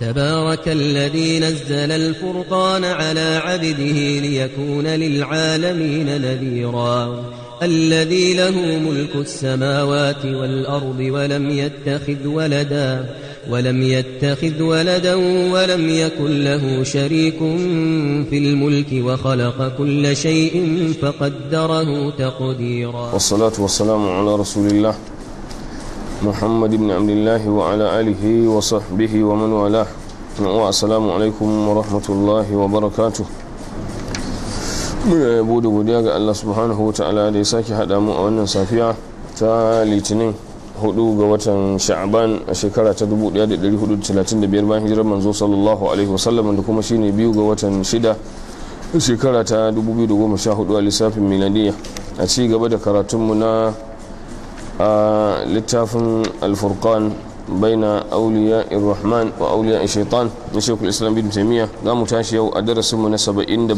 تبارك الذي نزل الفرقان على عبده ليكون للعالمين نذيرا الذي له ملك السماوات والأرض ولم يتخذ ولداً ولم يتخذ ولدا ولم يكن له شريك في الملك وخلق كل شيء فقدره تقديرا والصلاة والسلام على رسول الله محمد بن عبد الله وعلى آله وصحبه ومن والاه نعم، السلام عليكم ورحمة الله وبركاته من yabo da الله سبحانه وتعالى subhanahu wa ta'ala da تالي تنين hudu ga watan sha'aban a shekara ta 1435 bayan hijirar manzo sallallahu alaihi wasallam da kuma shine biyu ga watan shida shekara ta 2014 a lissafin miladiya a ci gaba da karatunmu na a littafin alfurkan baina auliya irrahman wa auliya shaitan na shekul islam bin taimiyya za mu tashi yau a darasinmu na 77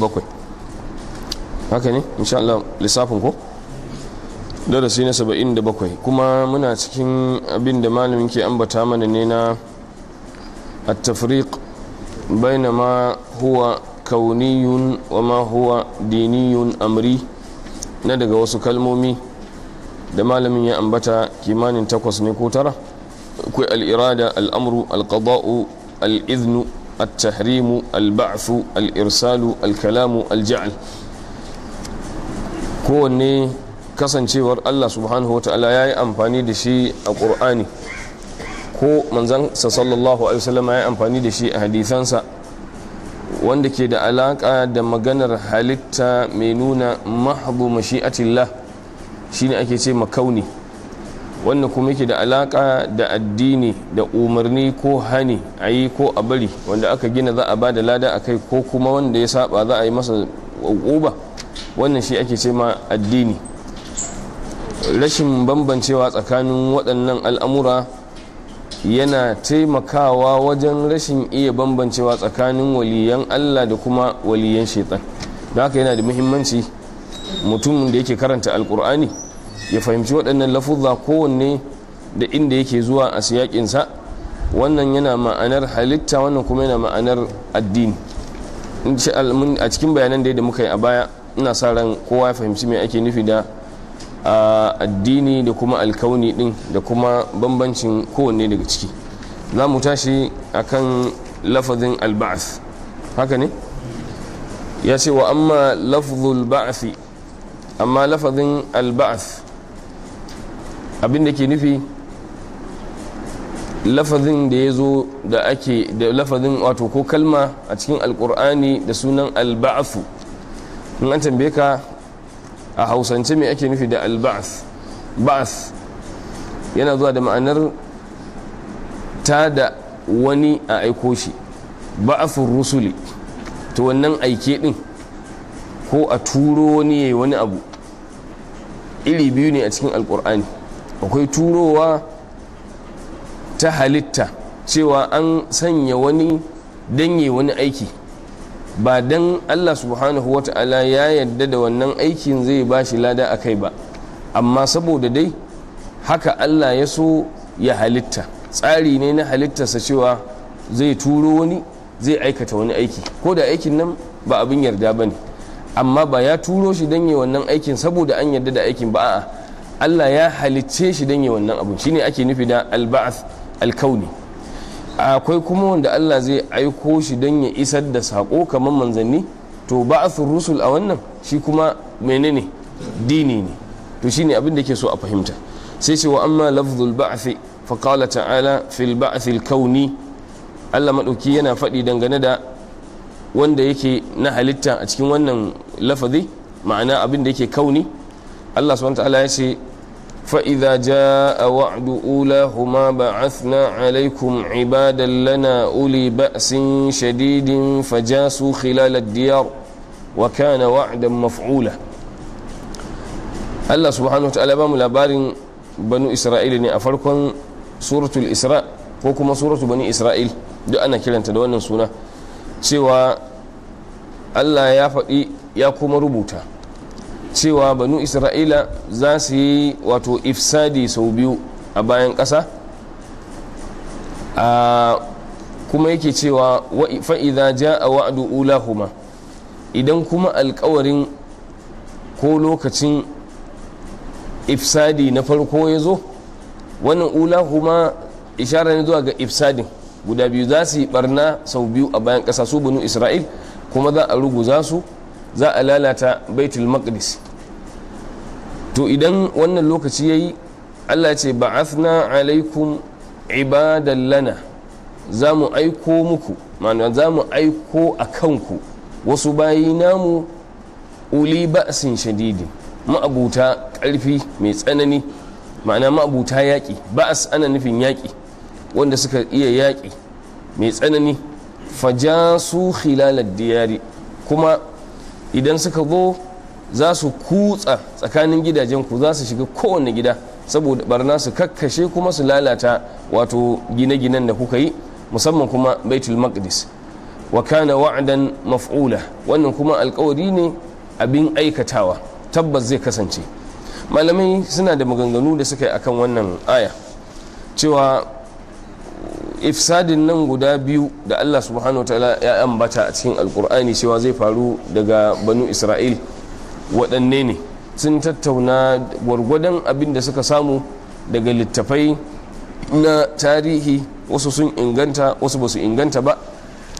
haka ne insha Allah lissafin ko darasi na 77 kuma muna cikin abin da malamin ke ambata mana ne na ma huwa kauniyun wa ma huwa diniyun amri na daga wasu kalmomi da malamin ya ambata kimanin takwas ne ko tara kai al'irada al'amru al'qabau al'iznu al-tahrimu al ba'asu al-irsalu al-kalamu al-ja'al kowanne kasancewar Allah subhanahu wa ta'ala ya yi amfani da shi a ƙur'ani ko manzan sallallahu alaihi wasallam ya yi amfani da shi a hadisansa wanda ke da alaƙa da maganar halitta mai nuna mahbu mashi'atillah shine ake ce makauni wannan kuma yake da alaƙa da addini da umarni ko hani a yi ko a bari wanda aka gina za a ba da lada a kai ko kuma wanda ya saba za a yi masa uba wannan shi ake ce ma addini rashin bambancewa tsakanin waɗannan al'amura yana taimakawa wajen rashin iya bambancewa tsakanin waliyan allah da kuma waliyan shaitan da haka yana da muhimmanci mutum da yake karanta alkur'ani ya fahimci waɗannan lafuzza kowanne da inda yake zuwa a siyaƙinsa wannan yana ma'anar halitta wannan kuma yana ma'anar addini a cikin bayanan da muka yi a baya ina sa ran kowa ya fahimci me ake nufi da A addini da kuma alkauni din da kuma bambancin kowanne daga ciki za mu tashi a kan lafazin alba'as haka ne ya ce wa amma lafazul amma lafazin alba'as abinda ke nufi lafazin da ya zo da ake da lafazin wato ko kalma a cikin alkur'ani da sunan alba'asu in an tambaye ka a hausance mai ake nufi da alba'as ba'as yana zuwa da ma'anar ta da wani a aiko shi ba'afin rusuli ta wannan aike din ko a turo wani yayi wani abu iri biyu ne a cikin alkur'ani akwai turowa ta halitta cewa an sanya wani danye wani aiki ba dan Allah subhanahu wa ta'ala ya yadda da wannan aikin zai ba shi lada a kai ba amma saboda dai haka Allah ya so ya halitta tsari ne na halittarsa cewa zai turo wani zai aikata wani aiki ko da aikin nan ba abin yarda ba ne amma ba ya turo shi don yi wannan aikin saboda an yarda da aikin ba a'a Allah ya halicce shi don yi wannan abu shine ake nufi da alba'ath alkauni akwai kuma wanda Allah zai aiko shi don ya isar da sako kamar manzanni to ba rusul a wannan shi kuma menene dini ne to shine abin da ke so a fahimta sai ce wa amma lafzul ba'thi fa qala ta'ala fil ba'thil kauni Allah madauki yana faɗi dangane da wanda yake na halitta a cikin wannan lafazi ma'ana abin da yake kauni Allah subhanahu ta'ala ya ce فإذا جاء وعد أولاهما بعثنا عليكم عبادا لنا أولي بأس شديد فجاسوا خلال الديار وكان وعدا مفعولا الله سبحانه وتعالى بام لبار بنو إسرائيل أفركم سورة الإسراء وكما سورة بني إسرائيل دو أنا كلا تدوانا سونا سوى الله يا فقي يا كما ربوتا cewa banu isra'ila za su yi wato ifsadi sau biyu a bayan ƙasa kuma yake cewa fa'iza ja a wa'adu kuma idan kuma alkawarin ko lokacin ifsadi na farko ya zo wannan kuma ishara ne zuwa ga ifsadin guda biyu za su yi barna sau biyu a bayan ƙasa su banu isra'il kuma za a ruguza su za a lalata baitul maqdis to idan wannan lokaci ya yi Allah ce ba'athna alaikum ibadan lana za mu aiko muku ma'ana za mu aiko a kanku wasu bayi namu uli ba'asin shadidi ma'abuta ƙarfi mai tsanani ma'ana ma'abuta yaƙi ba'as ana nufin yaƙi wanda suka iya yaƙi mai tsanani fajasu khilalar diyari kuma idan suka zo za su kutsa tsakanin gidajen ku za su shiga kowane gida saboda barna su kakkashe kuma su lalata wato gine-ginen da kuka yi musamman kuma baitul maqdis wa kana wa'dan maf'ula wannan kuma alkawari ne abin aikatawa tabbas zai kasance malamai suna da maganganu da suka yi akan wannan aya cewa ifsadin nan guda biyu da Allah subhanahu wa ta'ala ya ambata a cikin alkur'ani cewa zai faru daga banu isra'il waɗanne ne sun tattauna gwargwadon abin da suka samu daga littafai na tarihi wasu sun inganta wasu ba su inganta ba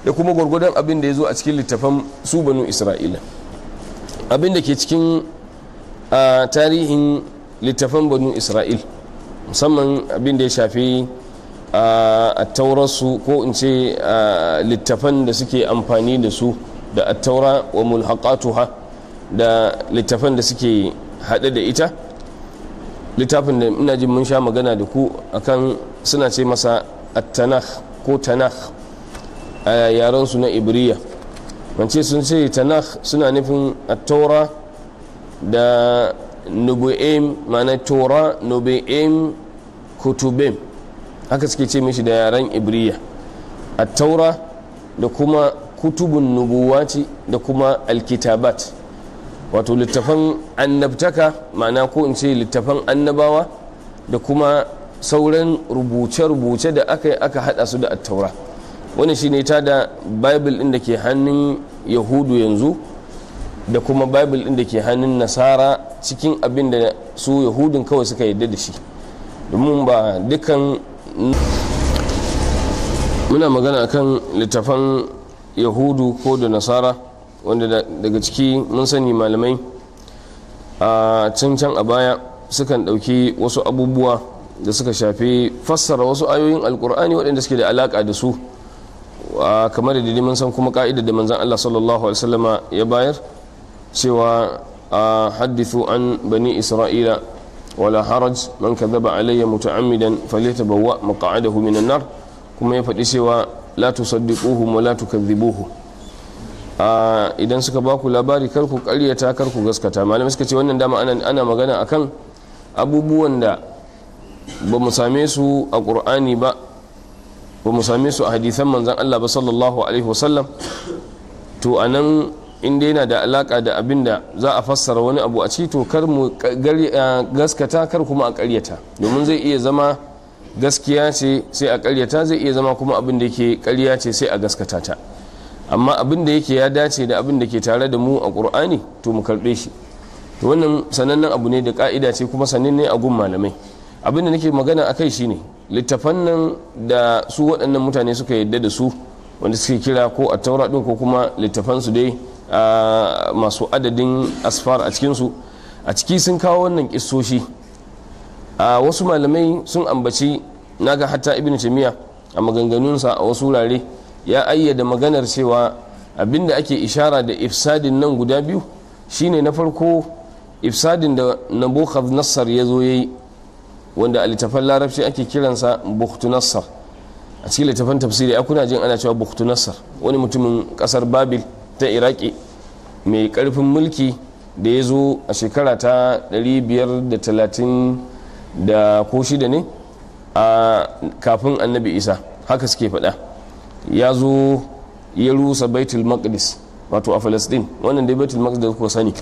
da kuma gwargwadon abin da ya zo a cikin littafan su banu isra'ila abin da ke cikin tarihin littafan banu isra'il musamman abin da ya shafi a taurarsu ko in ce littafan da suke amfani da su da attaura wa mulhaqatuha da littafan da suke haɗe da ita littafin da ina jin mun sha magana da ku akan suna ce masa tanakh ko tanakh a yaren su na ibriya wance sun ce tanakh suna nufin attaura da nubu'im ma'ana tora nubu'im kutubim haka suke ce mishi da yaren ibriya attaura da kuma kutubun nubuwati da kuma alkitabat wato littafan annabtaka ma'ana ko in ce littafan annabawa da kuma sauran rubuce-rubuce da aka yi aka hada su da attaura wani shi ne ta da bible din da ke hannun yahudu yanzu da kuma bible din da ke hannun nasara cikin abin da su yahudun kawai suka yadda da shi domin ba dukan muna magana kan littafan yahudu ko da nasara wanda daga ciki mun sani malamai a can can a baya sukan ɗauki wasu abubuwa da suka shafi fassara wasu ayoyin alkur'ani waɗanda suke da alaƙa da su kamar da mun san kuma ka'idar da manzan Allah sallallahu alaihi wasallama ya bayar cewa a haddithu an bani isra'ila wala haraj man kadhaba alayya muta'ammidan falyatabawa maq'adahu minan nar kuma ya faɗi cewa la tusaddiquhum wa la tukadhibuhum idan suka ba ku labari kar ku karyata kar ku gaskata malamai suka ce wannan dama ana magana akan abubuwan da ba mu same su a ƙur'ani ba ba mu same su a hadithan manzan Allah ba sallallahu alaihi wasallam to a nan inda yana da alaka da abin da za a fassara wani abu a ci to kar mu gaskata kar kuma a karyata domin zai iya zama gaskiya ce sai a karyata zai iya zama kuma abin da ke ƙarya ce sai a gaskata ta amma abin da yake ya dace da abin da ke tare da mu a ƙur'ani to mu karɓe shi to wannan sanannen abu ne da ka'ida ce kuma ne a gun malamai abin da nake magana a kai shine littafan nan da su waɗannan mutane suka yadda da su wanda suke kira ko a taura ɗin ko kuma littafan su dai masu adadin asfar a cikinsu a ciki sun kawo wannan kistoshi a wasu malamai sun ambaci naga hatta ibn jami'a a maganganunsa a wasu wurare ya ayyada maganar cewa abinda ake ishara da ifsadin nan guda biyu shine na farko ifsadin da nabukhad nasar ya zo yi wanda a littafan larabci ake kiransa bukhtu a cikin littafan tafsiri a kuna jin ana cewa bukhtu wani mutumin kasar babil ta iraki mai karfin mulki da ya zo a shekara ta 530 da ko shida ne a kafin annabi isa haka suke faɗa ya zo ya rusa baitul maqdis wato a falastin wannan dai baitul maqdis da kuka sani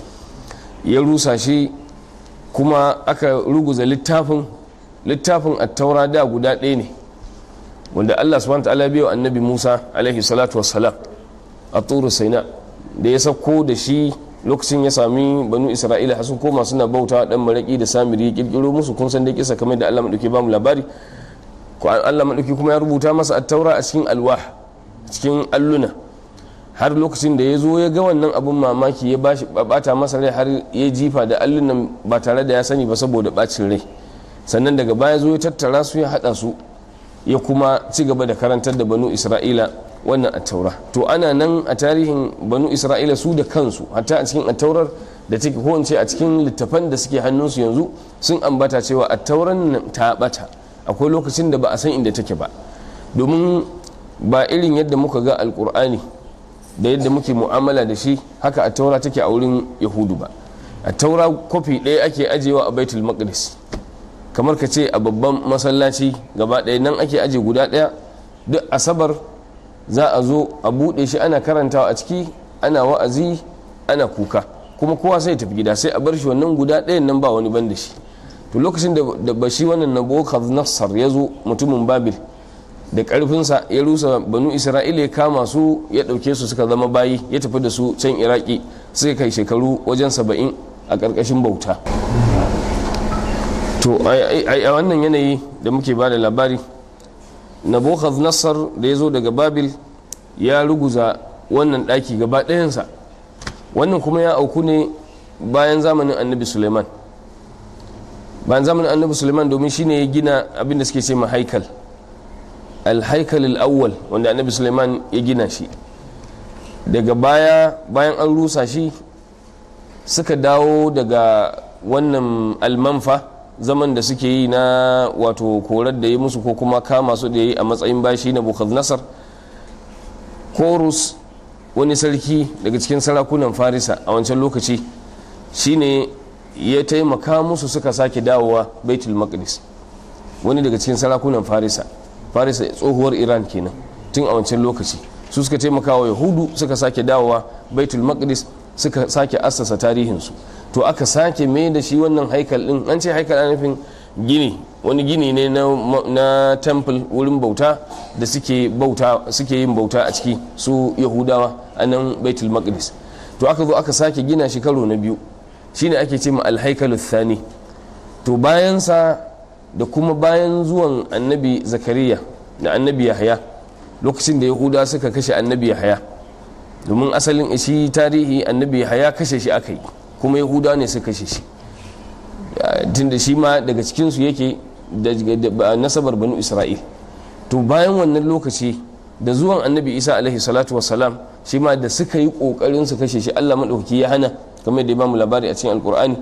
ya rusa shi kuma aka ruguza littafin littafin attaura da guda ɗaya ne wanda Allah subhanahu ta'ala biyo annabi Musa alaihi salatu wassalam a turu saina da ya sako da shi lokacin ya sami banu isra'ila har sun koma suna bauta dan maraki da samiri ya kirkiro musu kun san da kisa kamar da Allah madauke ba mu labari Allah maɗauki kuma ya rubuta masa attaura a cikin alwah cikin alluna har lokacin da ya zo ya ga wannan abun mamaki ya bashi bata masa rai har ya jifa da allunan ba tare da ya sani ba saboda bacin rai sannan daga baya zo ya tattara su ya hada su ya kuma ci gaba da karantar da banu isra'ila wannan attaura to ana nan a tarihin banu isra'ila su da kansu hatta a cikin attaurar da take ko a cikin littafan da suke hannunsu yanzu sun ambata cewa attauran ta bata akwai lokacin da ba a san inda take ba domin ba irin yadda muka ga alkur'ani da yadda muke mu'amala da shi haka a taura take a wurin yahudu ba a taura kofi ɗaya ake ajiyewa a baitul maqdis kamar ka ce a babban masallaci gaba ɗaya nan ake aje guda ɗaya duk asabar za a zo a buɗe shi ana karantawa a ciki ana wa'azi ana kuka kuma kowa sai tafi gida sai a bar shi wannan guda ɗayan nan ba wani ban da shi to lokacin da bashi wannan nabokaz nassar ya zo mutumin babil da karfinsa ya rusa banu isra'ila ya kama su ya dauke su suka zama bayi ya tafi da su can iraki suka kai shekaru wajen saba'in a karkashin bauta to a wannan yanayi da muke ba da labari nabokaz nassar da ya zo daga babil ya ruguza wannan daki gaba ɗayansa wannan kuma ya auku ne bayan zamanin annabi suleiman bayan zamanin annabi suleiman domin shine ya gina abin da suke ce ma haikal alhaikal al'awwal wanda annabi suleiman ya gina shi daga baya bayan an rusa shi suka dawo daga wannan almanfa zaman da suke yi na wato korar da ya musu ko kuma kama su da ya yi a matsayin bashi na bukhaz nasar korus wani sarki daga cikin sarakunan farisa a wancan lokaci shine ya taimaka musu suka sake dawowa baitul maqdis wani daga cikin sarakunan farisa farisa tsohuwar iran kenan tun a wancan lokaci su suka taimaka wa yahudu suka sake dawowa baitul maqdis suka sake assasa tarihinsu to aka sake mai da shi wannan haikal din an ce haikal ana nufin gini wani gini ne na, temple wurin bauta da suke bauta suke yin bauta a ciki su yahudawa a nan baitul maqdis to aka zo aka sake gina shi karo na biyu shine ake ce ma alhaikalu thani to bayansa da kuma bayan zuwan annabi zakariya da annabi yahya lokacin da yahuda suka kashe annabi yahya domin asalin shi tarihi annabi yahya kashe shi aka yi kuma yahuda ne suka kashe shi tunda shi ma daga cikinsu yake da nasabar banu isra'il to bayan wannan lokaci da zuwan annabi isa alaihi salatu wasalam shi ma da suka yi kokarin su kashe shi allah maɗauki ya hana kamar da ya bamu labari a cikin alkur'ani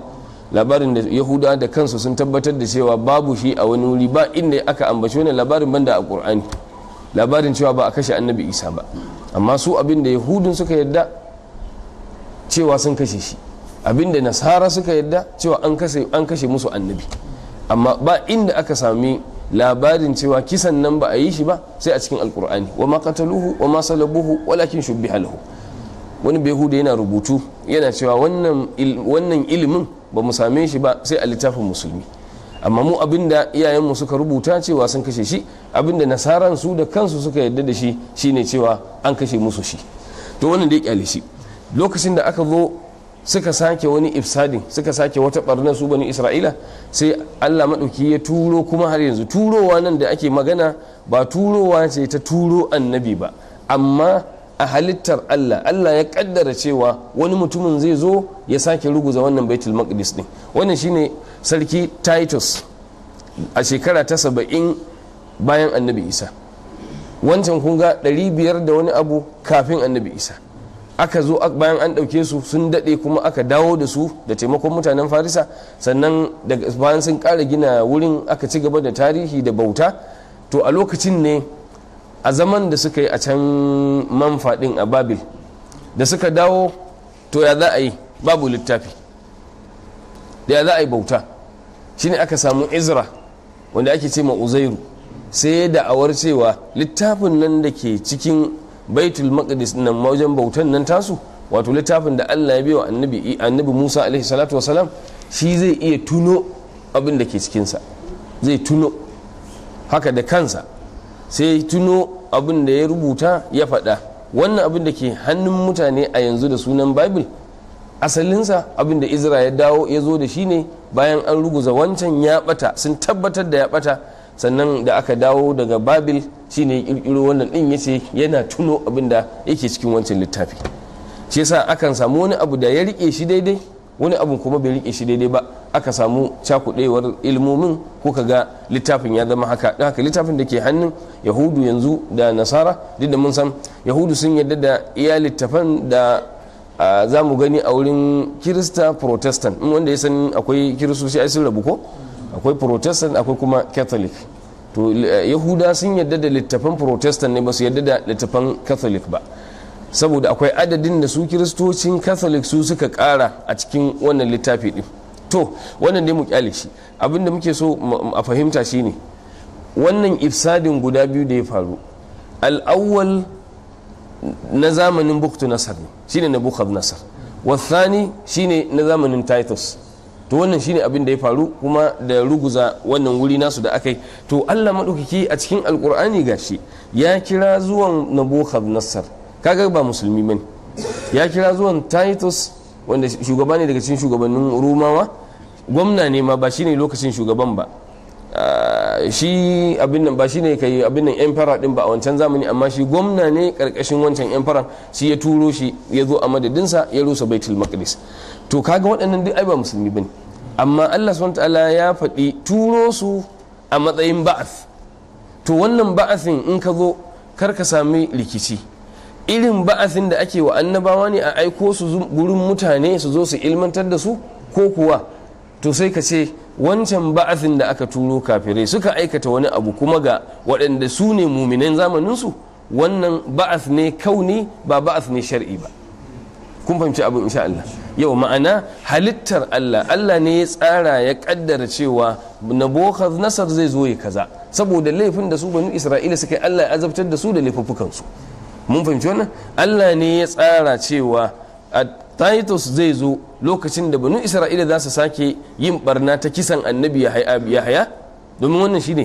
labarin da yahuda da kansu sun tabbatar da cewa babu shi a wani wuri ba inda aka ambaci wani labarin banda a qur'ani labarin cewa ba a kashe annabi isa ba amma su abin da yahudun suka yadda cewa sun kashe shi abin da nasara suka yadda cewa an kashe musu annabi amma ba inda aka sami labarin cewa kisan nan ba a yi shi ba sai a cikin alkur'ani wa ma qataluhu wa ma salabuhu walakin shubbiha lahu wani behuda yana rubutu yana cewa wannan ilimin ba mu same shi ba sai a littafin musulmi amma mu abinda iyayenmu suka rubuta cewa sun kashe shi abinda nasaran su da kansu suka yarda da shi shine cewa an kashe musu shi to wannan da ya kyale shi lokacin da aka zo suka sake wani ifsadin suka sake wata barnar su bani isra'ila sai allah maɗauki ya turo kuma har yanzu turowa nan da ake magana ba turowa ce ta turo annabi ba amma a halittar Allah Allah ya kaddara cewa wani mutumin zai zo ya sake ruguza wannan baitul maqdis din wannan shine sarki Titus a shekara ta saba'in bayan annabi isa wancan kun ga ɗari biyar da wani abu kafin annabi isa aka zo bayan an ɗauke su sun daɗe kuma aka dawo da su da taimakon mutanen farisa sannan bayan sun ƙara gina wurin aka ci gaba da tarihi da bauta to a lokacin ne a zaman da suka yi a can manfaɗin a babil da suka dawo to ya za a yi babu littafi da ya za a yi bauta shine aka samu izra wanda ake ce ma uzairu sai ya da'awar cewa littafin nan da ke cikin baitul maqdis nan wajen bautan nan tasu wato littafin da Allah ya biyo annabi annabi Musa alaihi shi zai iya tuno abin da ke cikinsa zai tuno haka da kansa sai tuno abin da ya rubuta ya faɗa wannan abin da ke hannun mutane a yanzu da sunan bible asalinsa abin da izra ya dawo ya zo da shi ne bayan an ruguza wancan ya bata sun tabbatar da ya bata sannan da aka dawo daga babil shine kirkiro wannan din ce yana tuno abin da yake cikin wancan littafi shi yasa akan samu wani abu da ya rike shi daidai wani abu kuma bai rike shi daidai ba aka samu cakudewar ilmomin ko ka ga littafin ya zama haka don haka littafin da ke hannun yahudu yanzu da nasara duk da mun san yahudu sun yadda da iya littafan da za mu gani a wurin kirista protestant in wanda ya san akwai kiristoci ai sun rabu ko akwai protestant akwai kuma catholic to yahuda sun yadda da littafan protestant ne ba su yadda da littafan catholic ba saboda akwai adadin da su kiristocin catholic su suka kara a cikin wannan littafi din to wannan dai mu kyale shi abin da muke so a fahimta shine wannan ifsadin guda biyu da ya faru al'awwal na zamanin buktu nasar ne shine na bukhab nasar shi shine na zamanin titus to wannan shine abin da ya faru kuma da ruguza wannan wuri nasu da aka yi to allah maɗaukaki a cikin alkur'ani gashi ya kira zuwan na nabukhad nasar kaga ba musulmi bane ya kira zuwan titus wanda shugaba ne daga cikin shugabannin rumawa gwamna ne ma ba shine lokacin shugaban ba ah, shi abin nan ba shine kai abin nan emperor din ba a wancan zamani amma shi gwamna ne karkashin wancan emperor shi ya turo shi ya zo a madadinsa ya rusa baitul maqdis to kaga waɗannan duk ai ba musulmi bane amma Allah subhanahu ta'ala ya faɗi turo su a matsayin ba'ath to wannan ba'athin in ka zo kar ka sami rikici irin ba'athin da ake wa annabawa ne a aiko su gurin mutane su zo su ilmantar da su ko kuwa to sai ka ce wancan ba'athin da aka turo kafirai suka aikata wani abu kuma ga waɗanda su ne muminan zamaninsu wannan ba'ath ne kauni ba ba'ath ne shar'i ba kun fahimci abin insha Allah yau ma'ana halittar Allah Allah ne ya tsara ya kaddara cewa nabokar nasar zai zo ya kaza saboda laifin da su banu isra'ila suka yi Allah ya azabtar da su da laifuffukansu mun fahimci wannan Allah ne ya tsara cewa titus zai zo lokacin da banu isra'ila za su sake yin barna ta kisan annabi ya haya domin wannan shine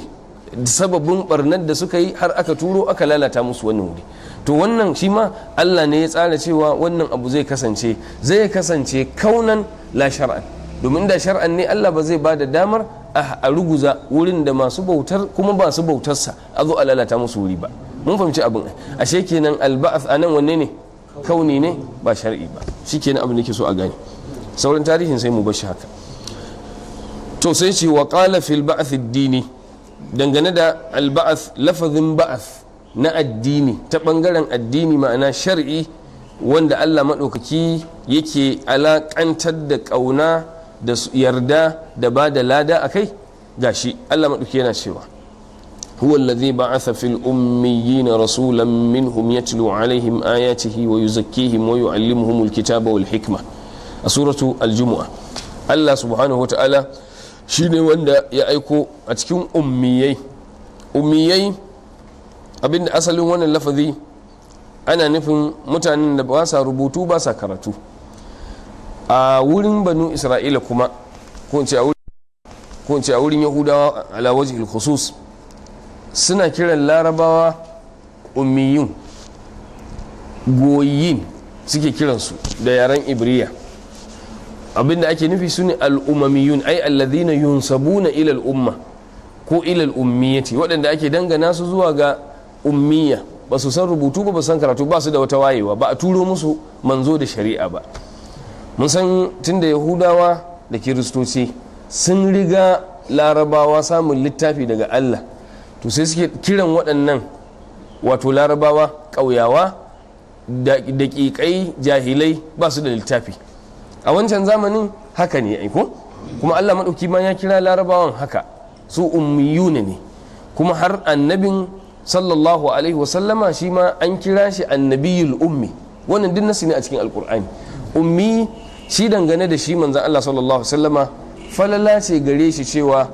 sababin barnar da suka yi har aka turo aka lalata musu wannan wuri to wannan shi ma allah ne ya tsara cewa wannan abu zai kasance zai kasance kaunan la shar'an domin da shar'an ne allah ba zai ba da damar a ruguza wurin da masu bautar kuma ba su bautarsa a zo a lalata musu wuri ba mun fahimci abin ashe kenan alba'af a nan wanne ne kauni ne ba shar'i ba ke abin da ke so a gani sauran tarihin sai mu bashi haka to sai ce wa qala fil ba'ath dini dangane da al lafazin ba'ath na addini ta bangaren addini ma'ana shar'i wanda Allah maɗaukaki yake alaƙantar da ƙauna da yarda da ba da lada a kai shi Allah maɗauki yana cewa هو الذي بعث في الأميين رسولا منهم يتلو عليهم آياته ويزكيهم ويعلمهم الكتاب والحكمة سورة الجمعة الله سبحانه وتعالى shine wanda ya aiko a cikin ummiyai ummiyai abinda asalin wannan lafazi ana nufin mutanen da ba rubutu basa karatu a wurin banu isra'ila kuma ko a wurin yahudawa ala wajhil khusus suna kiran larabawa umiyun goyin suke kiransu da yaren ibriya abinda ake nufi su ne al'umamiyun ai alladhina yunsabuna ilal umma ko ilal ummiyati waɗanda ake dangana su zuwa ga ummiya ba su san rubutu ba ba san karatu ba su da wata wayewa ba a turo musu manzo da shari'a ba mun san tunda yahudawa da kiristoci sun riga larabawa samun littafi daga allah to sai suke kiran waɗannan wato larabawa ƙauyawa daƙiƙai jahilai ba su da littafi a wancan zamanin haka ne aiko kuma allah maɗauki ma ya kira larabawan haka su ummiyuna ne kuma har annabin sallallahu alaihi wasallama shi ma an kira shi annabiyul ummi wannan duk nasi ne a cikin alkur'ani ummi shi dangane da shi manzan allah sallallahu alaihi wasallama falala ce gare shi cewa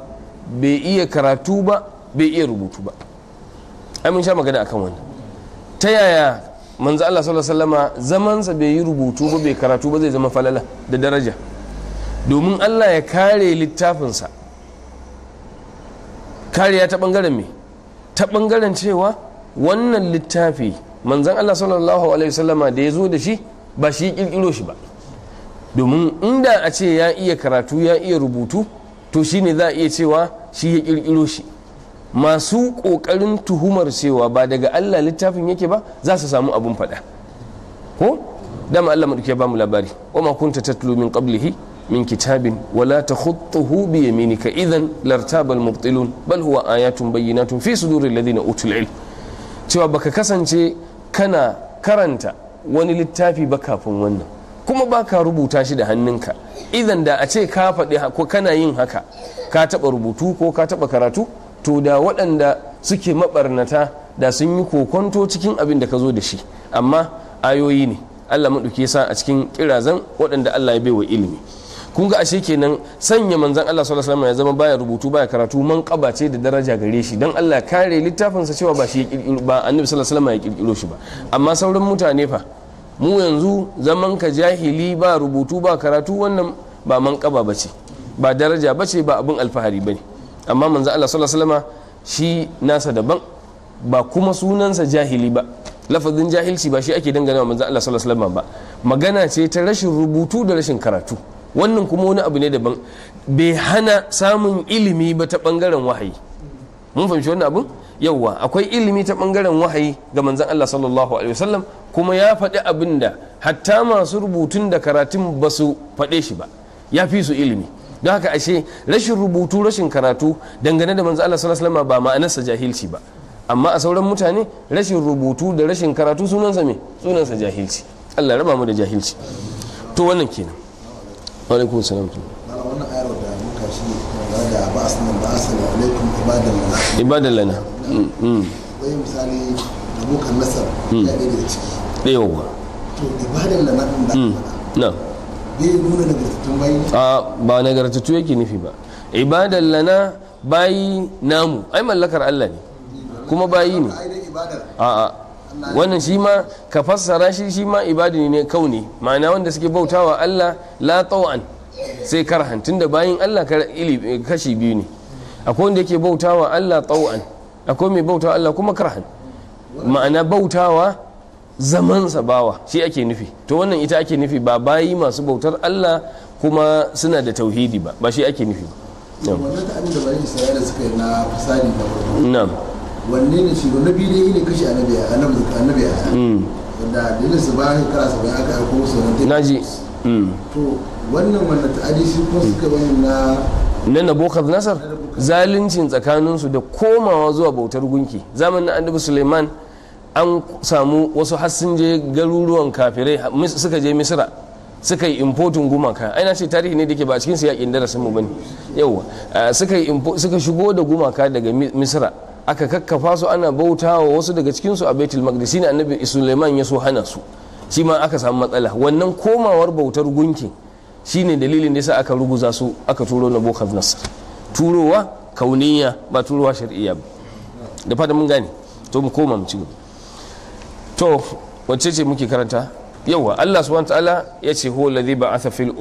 bai iya karatu ba bai iya rubutu ba ai mun sha magana akan wannan ta yaya manzo Allah sallallahu alaihi wasallama zamansa bai yi rubutu ba bai karatu ba zai zama falala da daraja domin Allah ya kare littafinsa kariya ta bangaren me ta bangaren cewa wannan littafi manzan Allah sallallahu alaihi wasallama da ya zo da shi ba shi kirkiro shi ba domin inda a ce ya iya karatu ya iya rubutu to shine za a iya cewa shi ya kirkiro shi masu ƙoƙarin tuhumar cewa ba daga Allah littafin yake ba za su samu abun faɗa ko dama Allah madauke ba mu labari wa ma kunta tatlu min qablihi min kitabin wala takhutuhu bi yaminika idan lartaba al-mubtilun bal huwa ayatun bayyinatun fi suduril ladina utul ilm cewa baka kasance kana karanta wani littafi ba kafin wannan kuma baka rubuta shi da hannunka idan da a ce ka faɗi ko kana yin haka ka taɓa rubutu ko ka taɓa karatu to da waɗanda suke maɓarnata da sun yi kokonto cikin abin da ka zo da shi amma ayoyi ne Allah maɗauki sa a cikin kirazan waɗanda Allah ya baiwa ilimi kun ga ashe kenan sanya manzan Allah sallallahu alaihi ya zama baya rubutu baya karatu man ce da daraja gare shi dan Allah kare littafin sa cewa ba shi ya kirkiro ba annabi sallallahu alaihi ya kirkiro shi ba amma sauran mutane fa mu yanzu zaman ka jahili ba rubutu ba karatu wannan ba man kaba bace ba daraja bace ba abin alfahari bane amma manzo Allah sallallahu alaihi wasallama shi nasa daban ba kuma sunansa jahili ba lafazin jahilci ba shi ake dangana manzo Allah sallallahu alaihi ba magana ce ta rashin rubutu da rashin karatu wannan kuma wani abu ne daban bai hana samun ilimi ba ta bangaren wahayi mun fahimci wannan abun yauwa akwai ilimi ta bangaren wahayi ga manzon Allah sallallahu alaihi wasallam kuma ya faɗi abin da hatta masu rubutun da karatun ba su faɗe shi ba ya fi su ilimi don haka ashe rashin rubutu rashin karatu dangane da manzo Allah sallallahu alaihi wasallam ba ma'anarsa jahilci ba amma a sauran mutane rashin rubutu da rashin karatu sunansa me sunansa jahilci Allah raba mu da jahilci to wannan kenan wa alaikum salam wannan ayar da muka shi da ba asna ba asna alaikum ibadan na. mm mm wai misali da bukan nasar ya mm. daga ciki yawa to ibadan na din mm. na a ba nagartattu yake nufi ba ibadar lana bayi namu ai mallakar Allah ne kuma bayi ne a wannan shi ma ka fassara shi shi ma ibadi ne kauni ma'ana wanda suke bautawa Allah la taw'an sai karhan tunda bayin Allah kashi biyu ne akwai wanda yake bautawa Allah taw'an akwai mai bautawa Allah kuma karhan ma'ana bautawa zamansa bawa shi ake nufi to wannan ita ake nufi ba bayi masu bautar Allah kuma suna da tauhidi ba ba shi ake nufi ba na biyu na na nasar zaluncin tsakaninsu da komawa zuwa bautar gunki zamanin annabi suleiman an samu wasu har je garuruwan kafirai suka je misira suka yi importin gumaka aina ce tarihi ne da ke ba cikin siyakin da mu bane yauwa suka suka shigo da gumaka daga misira aka kakkafa su ana wa wasu daga cikin su a baitul maqdis ne annabi sulaiman ya so hana su shi ma aka samu matsala wannan komawar bautar gunkin shine dalilin da yasa aka ruguza su aka turo na bukhar nasr turowa kauniya ba turowa shar'iyya ba da fata mun gane to mu koma mu ci gaba to wacce ce muke karanta yauwa Allah subhanahu ta'ala ya ce huwa alladhi ba'atha fil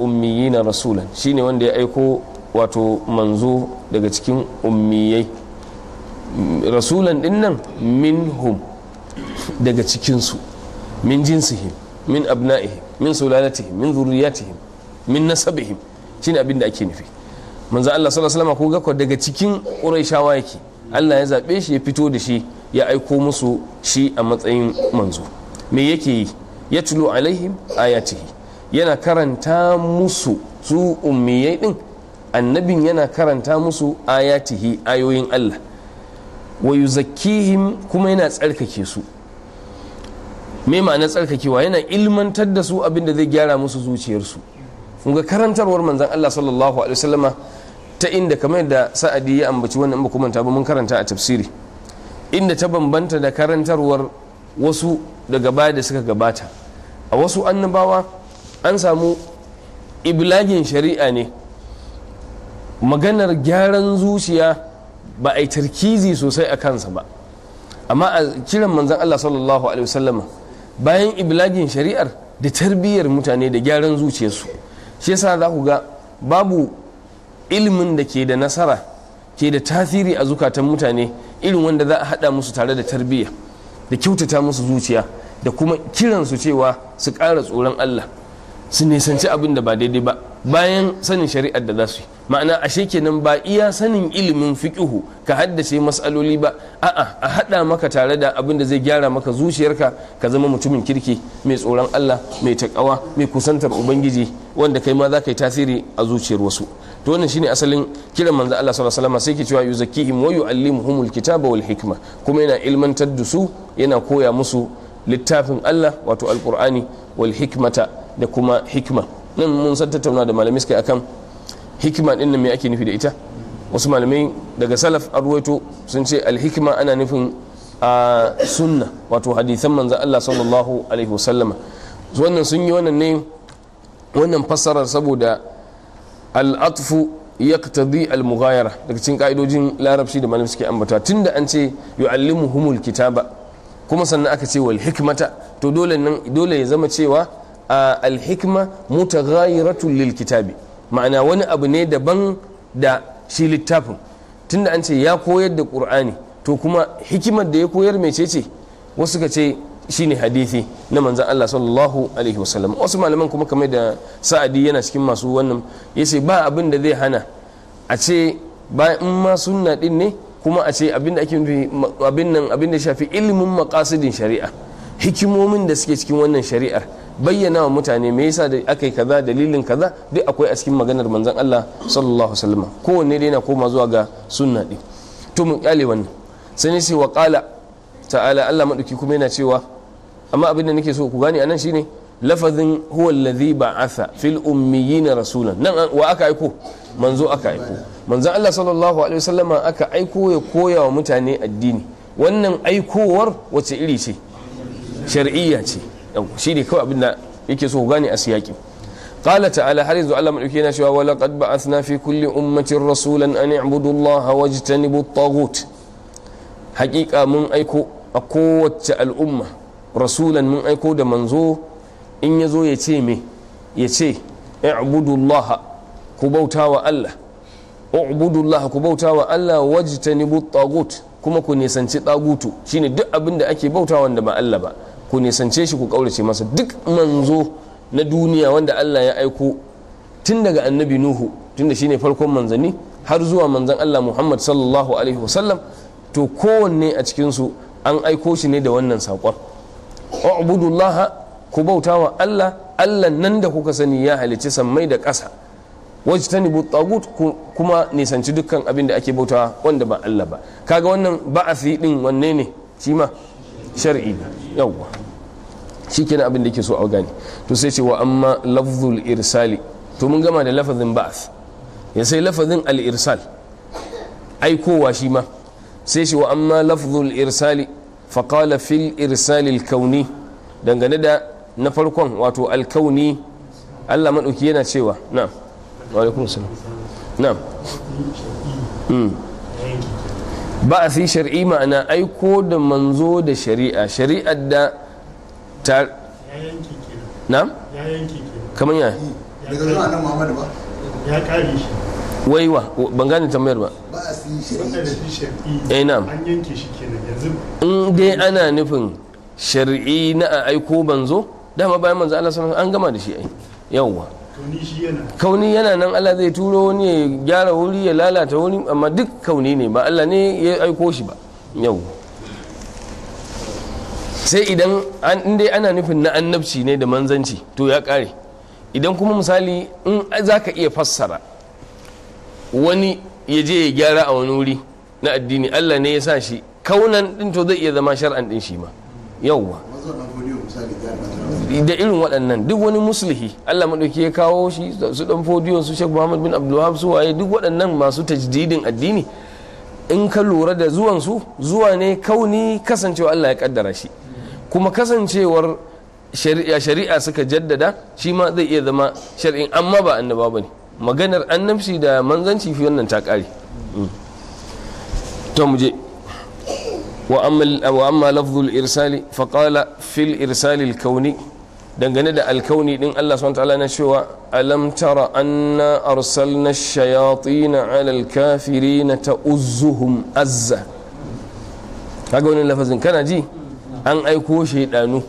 na rasulan shine wanda ya aiko wato manzo daga cikin ummiyai rasulan min hum daga cikinsu min jinsihim min abna'ihim min sulalatihim min zurriyatihim min nasabihim shine abin da ake nufi manzo Allah sallallahu alaihi wasallam ko ga daga cikin quraishawa yake Allah ya zabe shi ya fito da shi ya aiko musu shi a matsayin manzo me yake yi ya tulo alaihim ayatihi yana karanta musu su ummiyai din annabin yana karanta musu ayatihi ayoyin Allah wa yuzakkihim kuma yana tsarkake su me ma'ana tsarkakewa yana ilmantar da su abin da zai gyara musu zuciyarsu kun ga karantarwar manzon Allah sallallahu alaihi wasallama ta inda kamar da sa'adi ya ambaci wannan ba kuma ta ba mun karanta a tafsiri inda ta bambanta da karantarwar wasu daga baya da suka gabata a wasu annabawa an samu iblagin shari'a ne maganar gyaran zuciya ba a yi tarkizi sosai a kansa ba amma a kiran manzan Allah sallallahu alaihi wasallama bayan iblagin shari'ar da tarbiyyar mutane da gyaran zuciyarsu shi yasa za ku ga babu ilimin da ke da nasara ke da tasiri a zukatan mutane irin wanda za a haɗa musu tare da tarbiyya da kyautata musu zuciya da kuma kiransu cewa su ƙara tsoron Allah su nisanci abin da ba daidai ba bayan sanin shari'ar da za su yi ma'ana ashe kenan ba iya sanin ilimin fiƙihu ka haddace matsaloli ba a'a a haɗa maka tare da abin da zai gyara maka zuciyarka ka zama mutumin kirki mai tsoron Allah mai taƙawa mai kusantar ubangiji wanda kai ma za ka yi tasiri a zuciyar wasu to wannan shine asalin kiran manzo Allah sallallahu alaihi wasallam sai ke cewa yuzakkihim wa yu'allimuhum kitaba wal hikma kuma yana ilmantar da su yana koya musu littafin Allah wato alqur'ani wal hikmata da kuma hikma nan mun san tattauna da malamai suka akan hikima din nan me ake nufi da ita wasu malamai daga salaf arwaito sun ce alhikima ana nufin a sunna wato hadisan manzan Allah sallallahu alaihi wasallama wannan sun yi wannan ne wannan fassarar saboda al'atfu yaktadi al-mughayara daga cikin ka'idojin larabci da malamai suke ambata tunda an ce yu'allimuhumul kitaba kuma sannan aka ce wal hikmata to dole nan dole ya zama cewa alhikma mutaghayiratu lil kitabi ma'ana wani abu ne daban da shi littafin tunda an ce ya koyar da qur'ani to kuma hikimar da ya koyar mecece wasu ka ce shine hadithi na manzan Allah sallallahu alaihi wasallam wasu malaman kuma kamar da sa'adi yana cikin masu wannan yace ba abin da zai hana a ce ba in ma sunna din ne kuma a ce abin da ake abin nan abin da shafi ilimin maqasidin shari'a hikimomin da suke cikin wannan shari'ar bayyana wa mutane me yasa da aka yi kaza dalilin kaza duk akwai a cikin maganar manzon Allah sallallahu alaihi wasallam kowanne dai na koma zuwa ga sunna din to mun kyale wannan sai ne sai wa qala ta'ala Allah madauki kuma yana cewa amma abin da nake so ku gane anan shine lafazin huwa alladhi ba'atha fil ummiyina rasulan nan wa aka aiko manzo aka aiko manzon Allah sallallahu alaihi wasallama aka aiko ya koya wa mutane addini wannan aikowar wace iri ce shar'iyya ce yau shi ne kawai abin da yake so gane a siyaƙi qala ta'ala har yanzu Allah madauki yana cewa wala ba'athna fi kulli ummatin rasulan an i'budu Allah wajtanibu at-taghut haqiqa mun aiko a kowace al'umma rasulan mun aiko da manzo in yazo ya ce me ya ce i'budu ku bauta wa Allah u'budu Allah ku bauta wa Allah wajtanibu at-taghut kuma ku nisanci tagutu shine duk abin da ake bauta wanda ba Allah ba ku nisance shi ku kaurace masa duk manzo na duniya wanda Allah ya aiko tun daga annabi nuhu tun da shine farkon manzanni har zuwa manzan Allah Muhammad sallallahu alaihi wasallam to kowanne a cikin su an aiko shi ne da wannan saƙon ubudullaha ku bauta wa Allah Allah nan da kuka sani ya halicci sammai da ƙasa wajtanibu tagut kuma nisanci dukkan abin da ake bautawa wanda ba Allah ba kaga wannan ba'afi din wanne ne shi ma shar'i yawwa shi kenan abin da yake so a gane to sai ce wa amma lafzul irsali to mun gama da lafazin ba'ath ya sai lafazin al irsal aikowa shi ma sai shi wa amma lafzul irsali faƙala fil irsalil kauni dangane da na farkon wato alkauni allah madauki yana cewa na wa alaikum salam na ba a shari'i ma'ana aiko da manzo da shari'a shari'ar da ta na? kamar ya daga zuwa ba ya shi tambayar ba ba a eh, dai ana nufin shari'i na a aiko banzo dama bayan manzo Allah sallallahu an gama da shi ai yawwa kauni yana nan Allah zai turo wani ya gyara wuri ya lalata wuri amma duk kauni ne ba Allah ne ya aiko shi ba yau sai idan an dai ana nufin na annabci ne da manzanci to ya kare idan kuma misali in za ka iya fassara wani ya je ya gyara a wani wuri na addini Allah ne ya sa shi kaunan din to zai iya zama shar'an din shi ma yauwa da irin waɗannan duk wani muslihi Allah maɗauki ya kawo shi su ɗan fodiyon su Sheikh Muhammad bin Abdulwahab su waye duk waɗannan masu tajdidin addini in ka lura da zuwan su zuwa ne kauni kasancewa Allah ya kaddara shi kuma kasancewar shari'a shari'a suka jaddada shi ma zai iya zama shari'in amma ba annaba bane maganar annabci da manzanci fi wannan ta kare mm. to mu je وأما, وأما لفظ الإرسال فقال في الإرسال الكوني dangane da alkauni din Allah subhanahu ta'ala na cewa alam tara anna arsalna shayatin ala alkafirin ta'uzzuhum azza kaga wannan lafazin kana ji an aiko shaiɗanu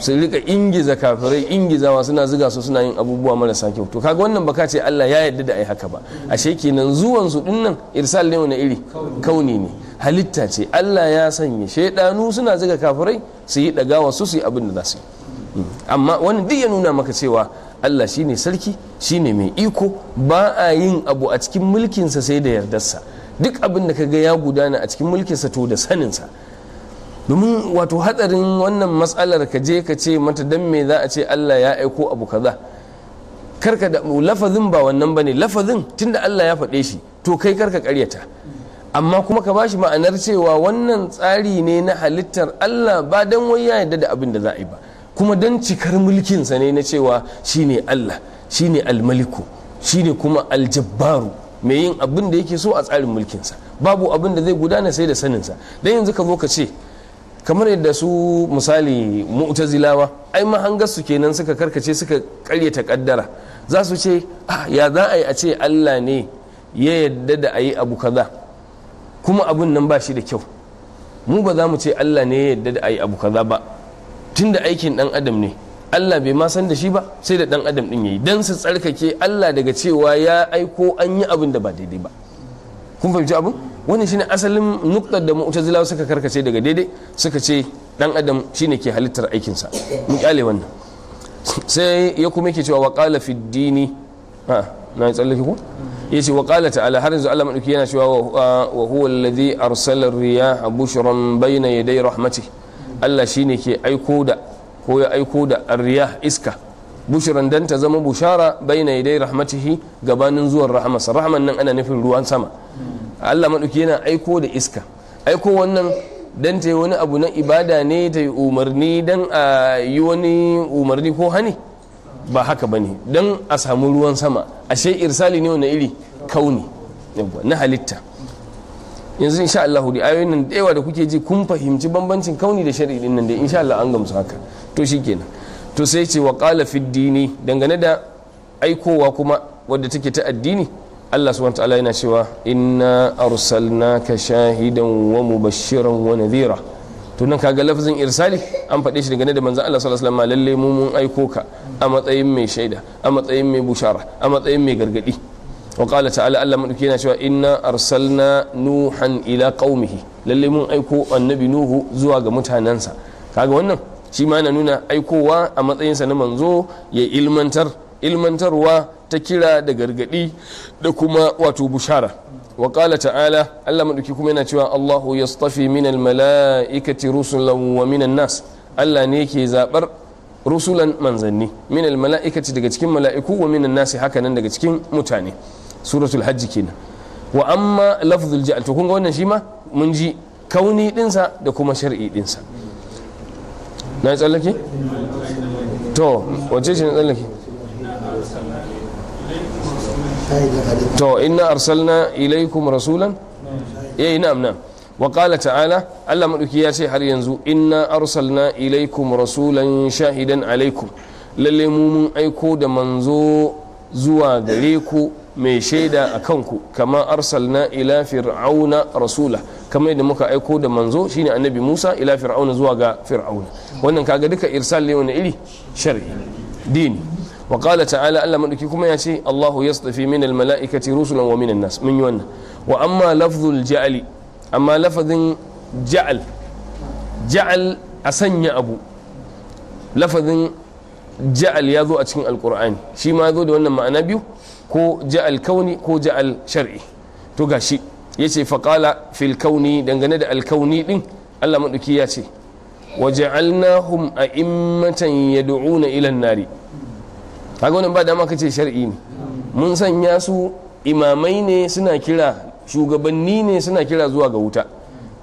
su rika ingiza kafirai ingizawa suna ziga su suna yin abubuwa marasa kyau to kaga wannan baka ce Allah ya yarda da ai haka ba ashe kenan zuwan su dinnan irsal ne wani iri kauni ne halitta ce Allah ya sanya shaiɗanu suna ziga kafirai su yi dagawa su su yi abin da za su yi amma wani duk ya nuna maka cewa Allah shine sarki shine mai iko ba a yin abu a cikin mulkinsa sai da yardarsa duk abin da ga ya gudana a cikin mulkinsa to da saninsa domin wato hatsarin wannan matsalar ka je ka ce mata dan me za a ce Allah ya aiko abu kaza karka da lafazin ba wannan bane lafazin tunda Allah ya faɗe shi to kai karka karyata amma kuma ka bashi ma'anar cewa wannan tsari ne na halittar Allah ba dan wai ya yarda da abin da za a yi ba kuma don cikar mulkinsa ne na cewa shine Allah shine almaliku shine kuma aljabbaru mai yin abin da yake so a tsarin mulkinsa babu abin da zai gudana sai da saninsa don yanzu ka zo ka ce kamar yadda su misali mu'tazilawa ai mahangarsu kenan suka karkace suka ta kaddara za su ce ah, ya za a yi a ce Allah ne ya yadda da a yi abu kaza kuma abin nan ba shi da kyau mu ba za mu ce Allah ne ya yadda da a yi abu kaza ba Tun da aikin ɗan adam ne Allah bai ma san da shi ba sai da ɗan adam ɗin ya yi. dan su tsarkake Allah daga cewa ya aiko an yi abin da ba daidai ba kun fahimci abin wannan shine asalin nuktar da mu'tazilawa suka karkace daga daidai suka ce dan adam shine ke halittar aikinsa. sa mun kyale wannan sai ya kuma yake cewa waqala fi dini ha na tsallake ko Ya ce qala ta'ala har yanzu Allah madauki yana cewa wa huwa alladhi arsala ar-riyaha bushran bayna yaday rahmatihi Allah shi ne ke aiko da ko ya aiko da arriya iska bushiran dan ta zama bushara baina yadai rahmatihi gabanin zuwan rahamarsa rahman nan ana nufin ruwan sama Allah maɗauki yana aiko da iska aiko wannan dan ta yi wani abu na ibada ne ta yi umarni dan a yi wani umarni ko hani ba haka ba ne don a samu ruwan sama ashe irsali ne wani iri kauni na halitta yanzu insha Allah da ayoyin nan da da kuke ji kun fahimci bambancin kauni da shari'i din nan da insha Allah an gamsu haka to shikenan to sai ce wa qala fi dini dangane da aikowa kuma wadda take ta addini Allah subhanahu ta'ala yana cewa inna arsalnaka shahidan wa mubashiran wa nadhira to nan kaga lafazin irsali an faɗe shi dangane da manzon Allah sallallahu alaihi wasallam lalle mu mun aiko ka a matsayin mai shaida a matsayin mai bushara a matsayin mai gargadi wa qala ta'ala Allah madauki yana cewa inna arsalna nuhan ila qaumihi lalle mun aiko annabi nuhu zuwa ga mutanensa kaga wannan shi ma yana nuna aikowa a matsayinsa na manzo ya ilmantar ilmantarwa ta kira da gargadi da kuma wato bushara wa qala ta'ala Allah madauki kuma yana cewa Allahu yastafi min al-mala'ikati rusulan wa min nas Allah ne yake zabar rusulan manzanni min al-mala'ikati daga cikin mala'iku wa min nasi hakanan daga cikin mutane suratul hajji kenan wa amma lafzul ja'al to kun ga wannan shi ma mun ji kauni dinsa da kuma shar'i dinsa na tsallake to wace shi na tsallake to inna arsalna ilaikum rasulan eh na'am na'am wa qala ta'ala Allah maduki ya ce har yanzu inna arsalna ilaikum rasulan shahidan alaikum lalle mu mun aiko da manzo zuwa gare ku mai shaida a kanku kama arsalna ila fir'auna rasula kamar da muka aiko da manzo shine annabi Musa ila fir'auna zuwa ga fir'auna wannan kaga duka irsal ne wani iri shar'i dini wa qala ta'ala Allah madauki kuma ya ce Allahu yastafi min al mala'ikati rusulan wa min nas mun yi wannan wa amma lafzul amma lafazin ja'al ja'al a sanya abu lafazin ja'al ya zo a cikin alqur'ani shi ma zo da wannan ma'ana biyu ko ja'al kauni ko ja'al shar'i to gashi yace faqala fil kauni dangane da alkauni din Allah maduki ya ce waja'alnahum a'immatan yad'una ilan nari kaga wannan ba dama kace shar'i ne mun sanya su imamai ne suna kira shugabanni ne suna kira zuwa ga wuta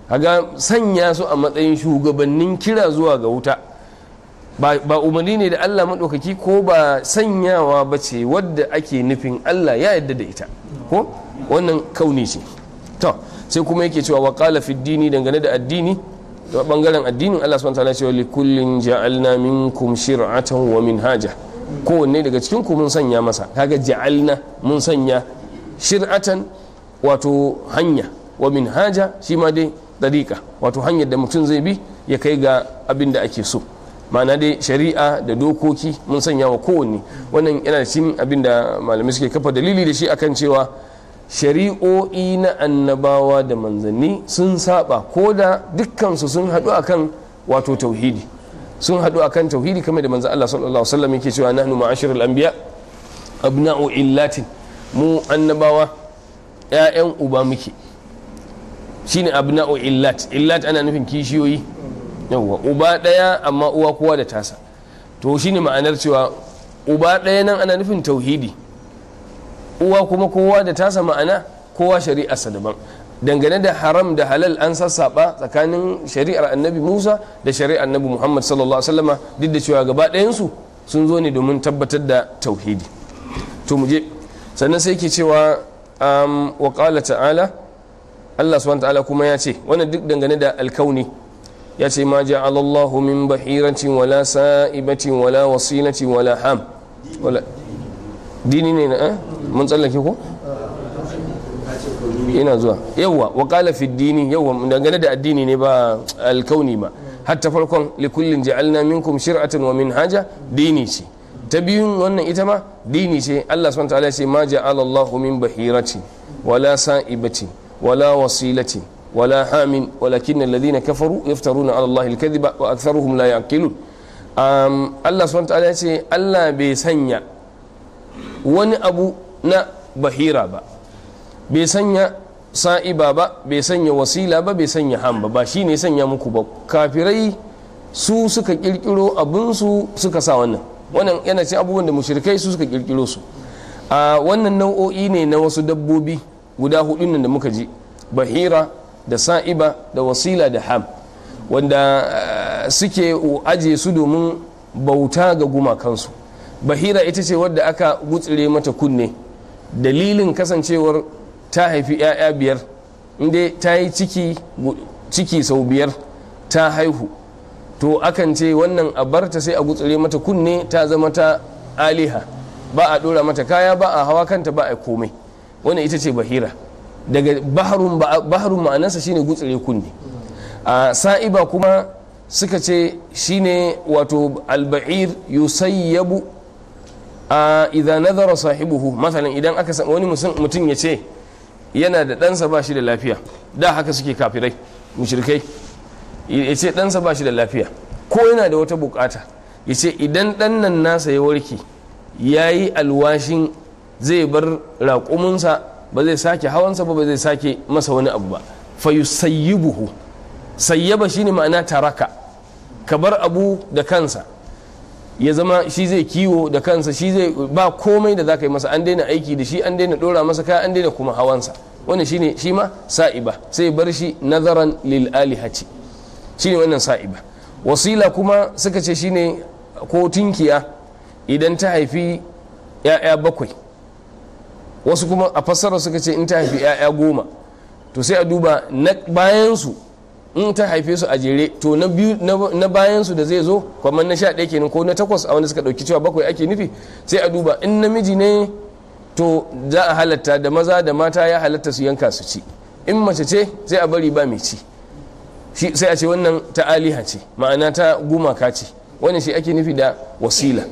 kaga sanya su a matsayin shugabannin kira zuwa ga wuta ba umarni ne da Allah maɗaukaki ko ba sanyawa ba ce wadda ake nufin Allah ya yadda da ita ko wannan kauni ce to sai kuma yake cewa wa qala fi dini dangane da addini da bangaren addinin Allah subhanahu wataala cewa likullin ja'alna minkum shir'atan wa minhaja kowanne daga cikin ku mun sanya masa kaga ja'alna mun sanya shir'atan wato hanya wa minhaja shi ma dai dariqa wato hanyar da mutum zai bi ya kai ga abin da ake so ma'ana dai shari'a da dokoki mun sanya wa kowanne wannan yana da cikin abin da malamai suke kafa dalili da shi akan cewa shari'o'i na annabawa da manzanni sun saba ko da dukkansu sun haɗu akan wato tauhidi sun haɗu akan tauhidi kamar da manzan Allah sallallahu alaihi wasallam yake cewa nahnu ma'ashirul anbiya abna'u illatin mu annabawa ƴaƴan uba muke shine abna'u illat illat ana nufin kishiyoyi yawwa uba ɗaya amma uwa kowa da tasa to shine ma'anar cewa uba ɗaya nan ana nufin tauhidi uwa kuma kowa da tasa ma'ana kowa shari'arsa daban dangane da haram da halal an sassaɓa tsakanin shari'ar annabi musa da shari'ar annabi muhammad sallallahu alaihi wasallama duk da cewa gaba ɗayansu sun zo ne domin tabbatar da tauhidi to muje sannan sai ke cewa um, wa ta'ala allah subhanahu ta'ala kuma ya ce wannan duk dangane da alkauni ya ce ma ja'ala Allahu min bahiratin wala sa'ibatin wala wasilatin wala ham wala dini ne na mun tsallake ko ina zuwa yawwa wa qala fi dini yawwa dangane da addini ne ba alkauni ba hatta farkon likullin ja'alna minkum shir'atan wa minhaja dini ce ta biyun wannan ita ma dini ce Allah subhanahu wa ta'ala ce ma ja'ala Allahu min bahirati wala sa'ibati wala wasilati wala amin walakin alladhina kafaru yaftaruna ala allahi alkadhiba wa aktharuhum la yaqilun Allah subhanahu ta'ala ce Allah bai sanya wani abu na bahira ba bai sanya sa'iba ba bai sanya wasila ba bai sanya hamba ba shine sanya muku ba kafirai su suka kirkiro abinsu suka sa wannan wannan yana abubuwan da mushrikai su suka kirkiro a wannan nau'o'i ne na wasu dabbobi guda hudun da muka je bahira da sa'iba da wasila da ham wanda eh, suke aje su domin bauta ga gumakansu bahira ita ce wadda aka gutsire mata kunne dalilin kasancewar ta haifi 'ya'ya biyar inda ta yi ciki sau biyar ta haihu to akan ce wannan a barta sai a gutsire mata kunne ta zama ta aliha ba a dora mata kaya ba a hawa kanta ba a komai wannan ita ce bahira daga baharun ma'anarsa shine gutsire kunne a sa'iba kuma suka ce shine wato alba'ir yusayyabu a idza nazara sahibuhu masalan idan aka san wani mutum ya ce yana da ɗansa ba shi da lafiya da haka suke kafirai mushrikai ya ce ɗansa ba shi da lafiya ko yana da wata bukata ya ce idan ɗan nan nasa ya warke ya yi alwashin zai bar raƙuminsa ba zai sake hawansa ba ba zai sake masa wani abu ba fa yusayyibuhu sayyaba shine ma'ana taraka ka bar abu da kansa ya zama shi zai kiwo da kansa shi zai ba komai da zaka yi masa an daina aiki da shi an daina dora masa kaya an daina kuma hawansa wannan shine shi ma sa'iba sai bar shi nazaran lil alihati shine wannan sa'iba wasila kuma suka ce shine ko tinkiya idan ta haifi 'ya'ya bakwai wasu kuma a fassara suka ce in ta haifi 'ya'ya goma to sai a duba na bayansu in ta haife su a jere to na biyu na bayansu da zai zo kamar na sha ɗaya kenan ko na takwas a wanda suka ɗauki cewa bakwai ake nufi sai a duba in namiji ne to za a halatta da maza da mata ya halatta su yanka su ci in mace ce sai a bari ba mai ci sai a ce wannan ta aliha ce ma'ana ta gumaka ce wannan shi ake nufi da wasila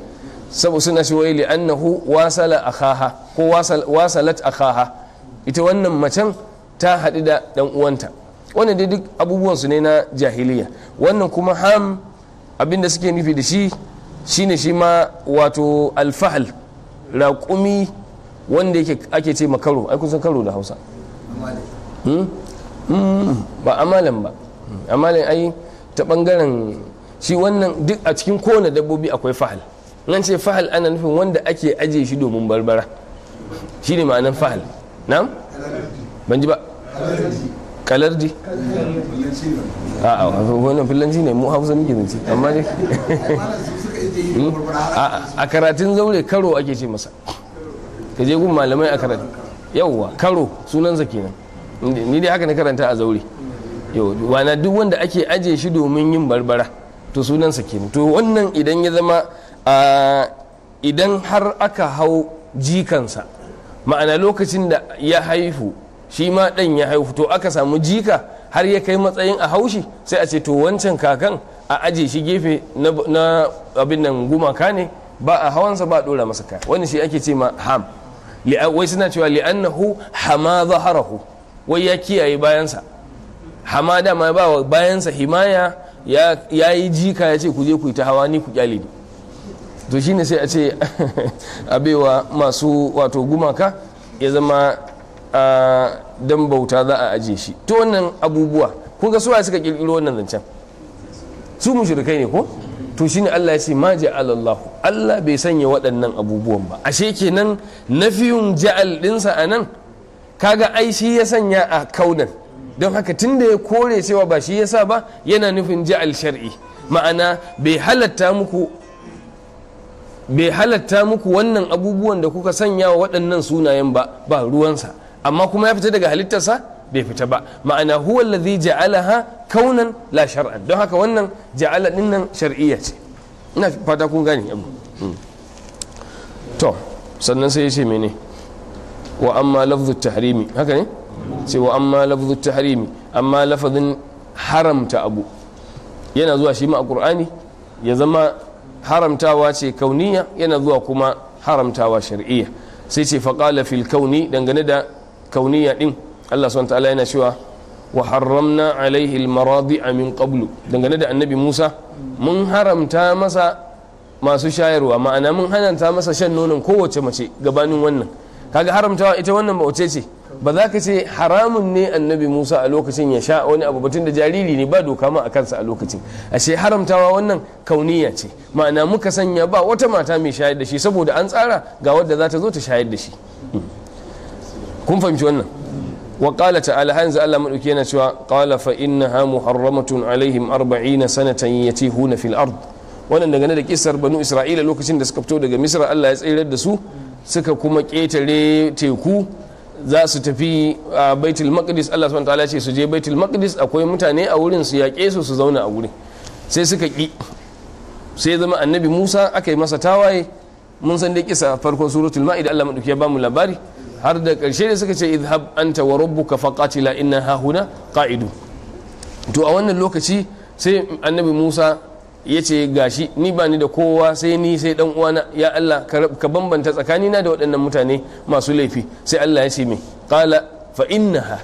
sabu suna shi wai annahu wasala akhaha ko wasalat akhaha ita wannan macen ta haɗu da ɗan uwanta wannan dai duk abubuwan su ne na jahiliya wannan kuma ham abin da suke nufi da shi shine shi ma wato alfahal raƙumi wanda yake ake ce makaro ai kun san karo da Hausa hmm? Hmm, ba amalan ba amalan ai ta bangaren shi wannan duk a cikin kowane dabbobi akwai fahal nan ce fahal ana nufin wanda ake ajiye shi domin barbara shi ne ma'anan fahal na'am ban ji ba kalardi a'a wannan fillanci ne mu hausa muke zance amma ne hmm? a karatun zaure karo ake ce masa ka je gun malamai a karatun yauwa karo sunansa kenan ni dai haka na karanta a zaure yau wana duk wanda ake ajiye shi domin yin barbara to sunansa kenan to wannan idan ya zama idan har aka hau jikansa ma'ana lokacin da ya haihu shi ma ɗan ya haihu to aka samu jika har ya kai matsayin a haushi sai a ce to wancan kakan a aje shi gefe na abin nan gumaka ne ba a hawansa ba a ɗora masa kaya wani shi ake ce ma ham wai suna cewa li'annahu hama zaharahu wai ya kiyaye bayansa hama dama ba wa bayansa himaya ya yi jika ya ce ku je ku yi ta hawa ni ku kyale ni to shi ne sai a ce abewa masu wato gumaka ya zama dan bauta za a aje shi to wannan abubuwa kun ga suwa suka kirkiro wannan zancen su mushrikai ne ko to shine Allah ya ce ma ja'al Allah Allah bai sanya waɗannan abubuwan ba ashe kenan nafiyun ja'al dinsa anan kaga ai shi ya sanya a kaunan don haka tunda ya kore cewa ba shi ya sa ba yana nufin ja'al shar'i ma'ana bai halatta muku bai halatta muku wannan abubuwan da kuka sanya wa waɗannan sunayen ba ba ruwansa amma kuma ya fita daga halittarsa bai fita ba ma'ana huwa allazi ha kaunan la shar'an don haka wannan ja'ala din nan shar'iyya ce ina fata kun gane abu. Hmm. to sannan sai ya ce mene wa amma lafzu tahrimi haka ne sai wa amma lafzu tahrimi amma lafazin haramta abu yana zuwa shi ma a qur'ani ya zama haramtawa ce kauniya yana zuwa kuma haramtawa shar'iyya sai ce faƙala fil kauni dangane da kauniya din Allah subhanahu ta'ala yana cewa wa haramna alaihi almaradi'a min qablu dangane da annabi Musa mun haramta masa masu shayarwa ma'ana mun hananta masa shan nonon kowace mace gabanin wannan kaga haramtawa ita wannan ba ce ba za ka ce haramun ne annabi musa a lokacin ya sha wani abu batun da jariri ne ba doka ma a kansa a lokacin ashe haramtawa wannan kauniya ce ma'ana muka sanya ba wata mata mai shayar da shi saboda an tsara ga wadda za ta zo ta shayar da shi kun fahimci wannan wa qala ta'ala hanzu Allah madauki yana cewa qala fa innaha muharramatun alaihim 40 sanatan yatihuna fil ard wannan dangane da kisar banu isra'ila lokacin da suka fito daga misra Allah ya tsayar da su suka kuma ketare teku za su tafi a baitul maqdis Allah subhanahu ta'ala ce su je baitul maqdis akwai mutane a wurin su yaƙe su su zauna a wurin sai suka ƙi sai zama annabi Musa aka yi masa tawaye mun san dai kisa farkon suratul ma'ida Allah madauki ya bamu labari har da ƙarshe da suka ce idhab anta wa rabbuka faqatila inna hahuna qa'idu to a wannan lokaci sai annabi Musa ya ce ga shi ni ba ni da kowa sai ni sai dan uwana ya Allah ka bambanta tsakanina da waɗannan mutane masu laifi sai Allah ya ce mai qala fa innaha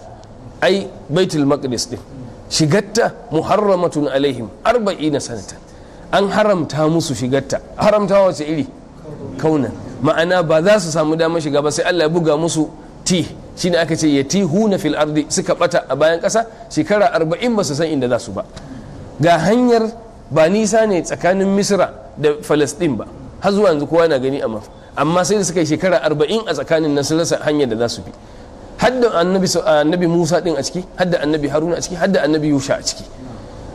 ai baitul maqdis din shigatta muharramatun alaihim na sanata an haramta musu shigatta haramta wace iri kaunan ma'ana ba za su samu damar shiga ba sai Allah ya buga musu ti shine aka ce ya yatihuna fil ardi suka bata a bayan kasa shekara arba'in ba su san inda za su ba ga hanyar ba nisa ne tsakanin misra da falastin ba har zuwa yanzu kowa na gani a maf amma sai da suka yi shekara arba'in a tsakanin nan sun rasa hanyar da za su bi hadda annabi annabi musa din a ciki hadda annabi haruna a ciki hadda annabi yusha a ciki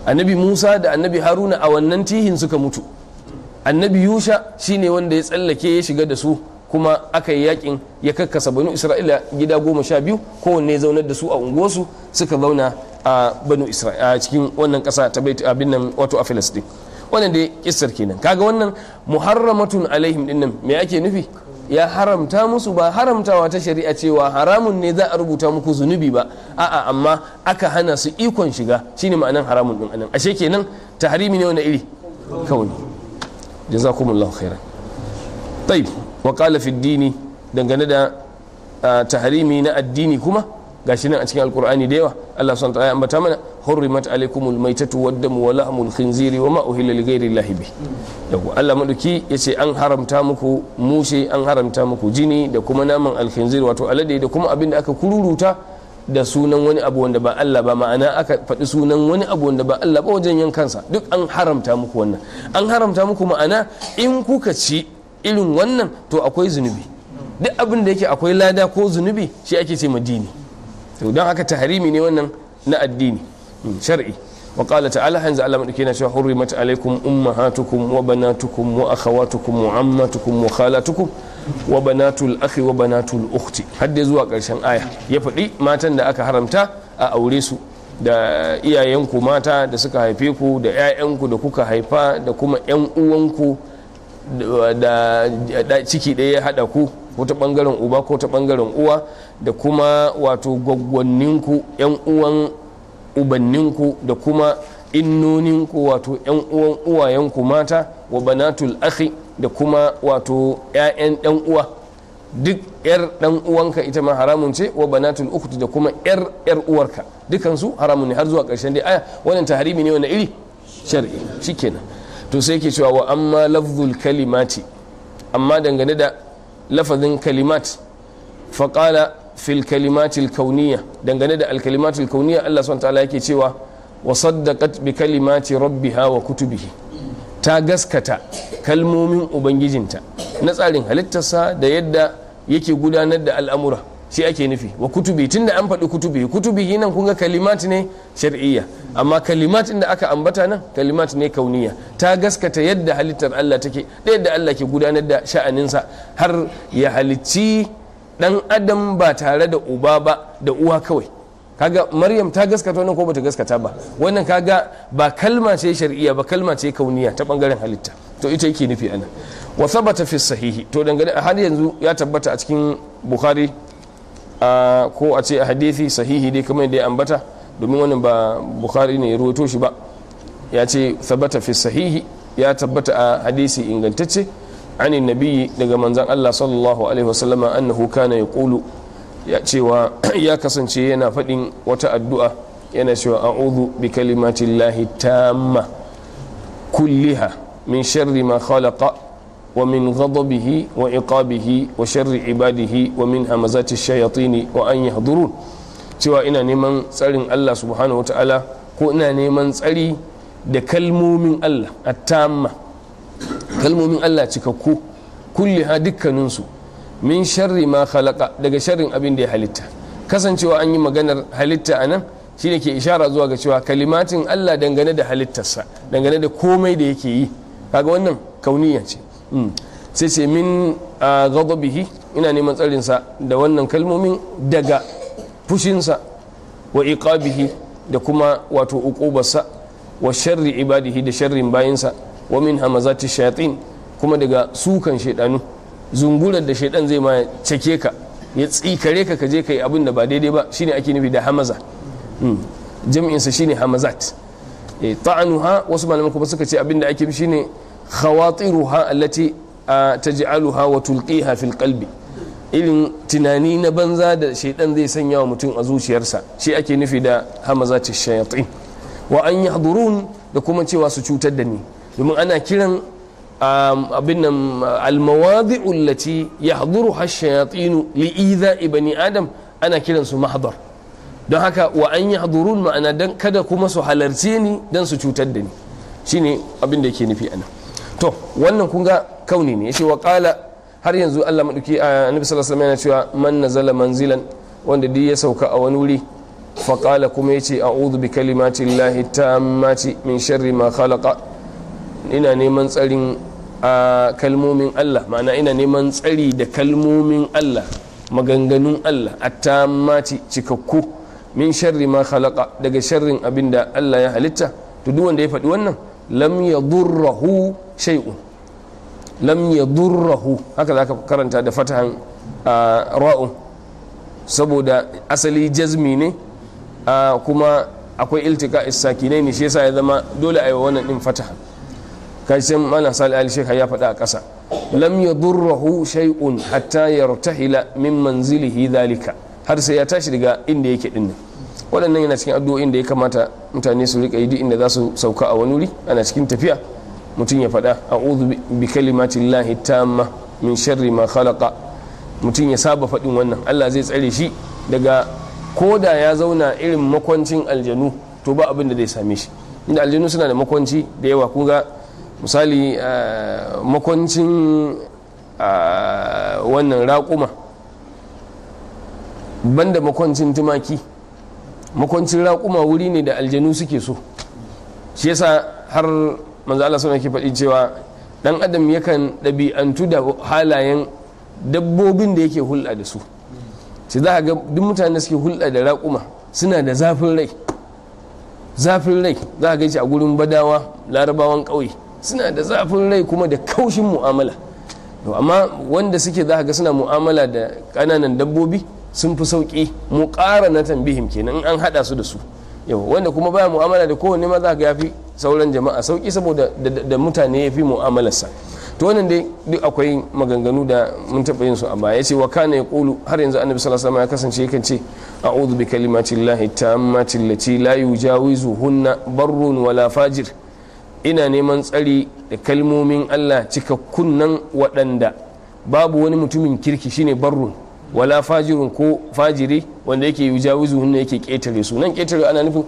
annabi musa da annabi haruna a wannan tihin suka mutu annabi yusha shine wanda ya tsallake ya shiga da su kuma aka yi yakin ya kakkasa banu isra'ila gida goma sha biyu kowanne zaunar da su a unguwarsu suka zauna a banu isra'ila cikin wannan kasa ta bai abin nan wato a filistin wannan dai kisar kenan kaga wannan muharramatun alaihim din nan me ake nufi ya haramta musu ba haramtawa ta shari'a cewa haramun ne za a rubuta muku zunubi ba a'a amma aka hana su ikon shiga shine ma'anan haramun din anan ashe kenan tahrimi ne wani iri kauni jazakumullahu khairan tayyib wa qala fi dini dangane da tahrimi na addini kuma gashi nan a cikin alkur'ani da yawa Allah subhanahu ta'ala ambata mana hurrimat alaikumul maitatu waddamu wa lahmul khinziri wa ma uhilla li ghairi llahi bi yawa Allah maduki yace an haramta muku mushe an haramta muku jini da kuma naman alkhinzir wato alade da kuma abin da aka kururuta da sunan wani abu wanda ba Allah ba ma'ana aka faɗi sunan wani abu wanda ba Allah ba wajen yankansa duk an haramta muku wannan an haramta muku ma'ana in kuka ci irin wannan to akwai zunubi duk abin da yake akwai lada ko zunubi shi ake ce madini to don haka taharimi ne wannan na addini mm, shar'i wa qala ta'ala hanza Allah madauke na cewa hurrimat alaikum ummahatukum wa banatukum wa akhawatukum wa ammatukum wa khalatukum wa banatul akhi wa banatul ukhti har zuwa karshen aya ya fadi matan da aka haramta a aure su da iyayenku mata da suka haife ku da 'ya'yanku da kuka haifa da kuma ƴan uwanku da ciki ɗaya ya hada ku ko ta bangaren uba ko ta bangaren uwa da kuma wato gwaggwanninku yan uwan ubanninku da kuma innoninku wato yan uwan uwayenku mata wa banatul akhi da kuma wato 'ya'yan dan uwa duk 'yar dan uwanka ita ma haramun ce wa banatul ukhti da kuma 'yar 'yar uwarka su haramun ne har zuwa karshen dai aya wannan tahrimi ne wannan iri shar'i shikenan to sai ke cewa wa amma lafzul kalimati amma dangane da lafazin kalimat faƙala fil kalimatil kauniya dangane da alkalimatil kauniya Allah subhanahu ta'ala yake cewa wa saddaqat bi kalimati rabbiha wa kutubihi ta gaskata kalmomin ubangijinta na tsarin halittarsa da yadda yake gudanar da al'amura shi ake nufi wa kutubi tunda an faɗi kutubi kutubi nan kun ga kalimat ne shar'iyya amma kalimat da aka ambata nan kalimat ne kauniya ta gaskata yadda halittar Allah take da yadda Allah ke gudanar da sha'aninsa har ya halicci dan adam ba tare da uba ba da uwa kawai kaga maryam ta gaskata wannan ko bata gaskata ba wannan kaga ba kalma ce shar'iyya ba kalma ce kauniya ta bangaren halitta to ita yake nufi anan wa sabata fi sahihi to dangane har yanzu ya tabbata a cikin bukhari ko a ce a hadisi sahihi dai kamar dai ya ambata domin wannan ba bukhari ne ya ruwato shi ba ya ce sabata fi sahihi ya tabbata a hadisi ingantacce عن النبي daga من allah الله صلى الله عليه وسلم أنه كان يقول cewa ya kasance yana faɗin wata addu'a yana cewa a'udhu bi kalimatillahi tamma kulliha min sharri ma khalaqa wa min ghadabihi wa iqabihi wa sharri ibadihi wa min hamazati shayatini wa an yahdurun cewa ina neman tsarin Allah subhanahu wataala ko ina neman tsari da kalmomin Allah at kalmomin Allah cika cikakku ha dukkaninsu min sharri ma khalaqa daga sharrin abin da ya halitta kasancewa an yi maganar halitta anan shine shi ne ke ishara zuwa ga cewa kalimatin Allah dangane da halittarsa dangane da komai da yake yi kaga wannan kauniya ce hmm. sai ce min ghadabihi ina neman tsarinsa da wannan kalmomin daga fushinsa wa iqabihi da kuma wato uqubarsa wa sharri ibadihi da sharrin bayinsa wa min hamazati shayatin kuma daga sukan shaidanu zungular da shaidan zai ma cake ka ya tsikare ka ka je ka yi abin da ba daidai ba shine ake nufi da hamaza hmm. sa shine hamazat eh, ta'anuha wasu malaman kuma suka ce abin da ake shine khawatiruha allati taj'aluha wa tulqiha fil qalbi irin tunani na banza da shaidan zai sanya wa mutum a zuciyarsa shi ake nufi da hamazati shayatin wa an yahdurun da kuma cewa su cutar da ni domin ana kiran um, abin nan almawadi ullati ya haduru hashayatinu li'iza ibani adam ana kiransu mahadar don haka wa an yi hadurun ma'ana don kada kuma su halarce ni don su cutar da ni shine abin da ke nufi anan to wannan kun ga kauni ne yace wa qala har yanzu Allah madauki annabi sallallahu alaihi yana cewa man nazala manzilan wanda duk ya sauka a wani wuri fa qala kuma yace a'udhu bi kalimati llahi tammati min sharri ma khalaqa ina neman tsarin a kalmomin Allah ma'ana ina neman tsari da kalmomin Allah maganganun Allah attamati cikakku min sharri ma khalaqa daga sharrin abin da Allah ya halitta to duk wanda ya faɗi wannan lam yadurruhu shay'un lam yadurruhu haka zaka karanta da fatahan ra'un saboda asali jazmi ne kuma akwai iltika isakinai ne shi yasa ya zama dole a yi wannan din fatahan kai sai mana sali ali shekha ya faɗa a ƙasa lam yadurruhu shay'un hatta yartahila min manzilihi dhalika har sai ya tashi daga inda yake din nan waɗannan yana cikin addu'o'in da ya kamata mutane su rika yi duk inda za su sauka a wani wuri ana cikin tafiya mutum ya faɗa a'udhu bi kalimatillahi tamma min sharri ma khalaqa mutum ya saba faɗin wannan Allah zai tsare shi daga koda ya zauna irin makwancin aljanu to ba abin da zai same shi inda aljanu suna da makwanci da yawa kun ga misali eh, makwancin eh, wannan raƙuma banda makwancin tumaki makwancin raƙuma wuri ne da aljanu suke so shi yasa har manzo Allah sallallahu ke faɗi cewa ɗan adam yakan ɗabi'antu da halayen dabbobin da yake hulɗa da su sai za ga duk mutane suke hulɗa da raƙuma suna da zafin rai zafin rai za a gaishe a gurin badawa larabawan ƙauye suna da zafin rai kuma da kaushin mu'amala amma wanda suke za ga suna mu'amala da kananan dabbobi sun fi sauƙi mu ƙara na tambihim kenan in an haɗa su da su yau wanda kuma baya mu'amala da kowanne ma za ga yafi sauran jama'a sauki saboda da mutane ya fi mu'amalarsa to wannan dai duk akwai maganganu da mun taɓa yin su a baya ce wa kana ya ƙulu har yanzu annabi sallallahu alaihi ya kasance yakan ce a'udhu bi kalimati llahi tammati allati hunna barrun wala fajir ina neman tsari da kalmomin Allah cikakkun nan waɗanda babu wani mutumin kirki shine barrun wala fajirun ko fajiri wanda yake yujawizu wanda yake ketare su nan ketare ana nufin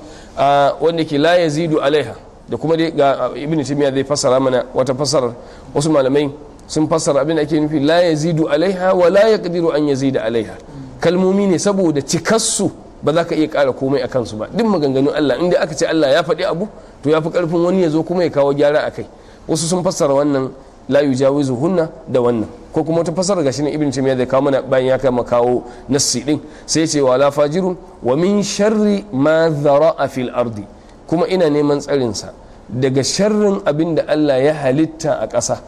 wanda ke la yazidu alaiha da kuma dai ga timiya zai fassara mana wata fassarar wasu malamai sun fasara abin da ake nufi la yazidu alaiha wa la yaqdiru an yazida alaiha kalmomi ne saboda cikassu ba za ka iya ƙara komai a kansu ba duk maganganun Allah inda aka ce Allah ya faɗi abu to ya fi ƙarfin wani ya zo kuma ya kawo gyara a kai wasu sun fassara wannan la yujawizu hunna da wannan ko kuma wata fassara gashi ne ibn taymiya zai kawo mana bayan ya kama kawo nassi din sai ce wa la fajiru wa min sharri ma a fil ardi kuma ina neman tsarin sa daga sharrin abin da Allah ya halitta a ƙasa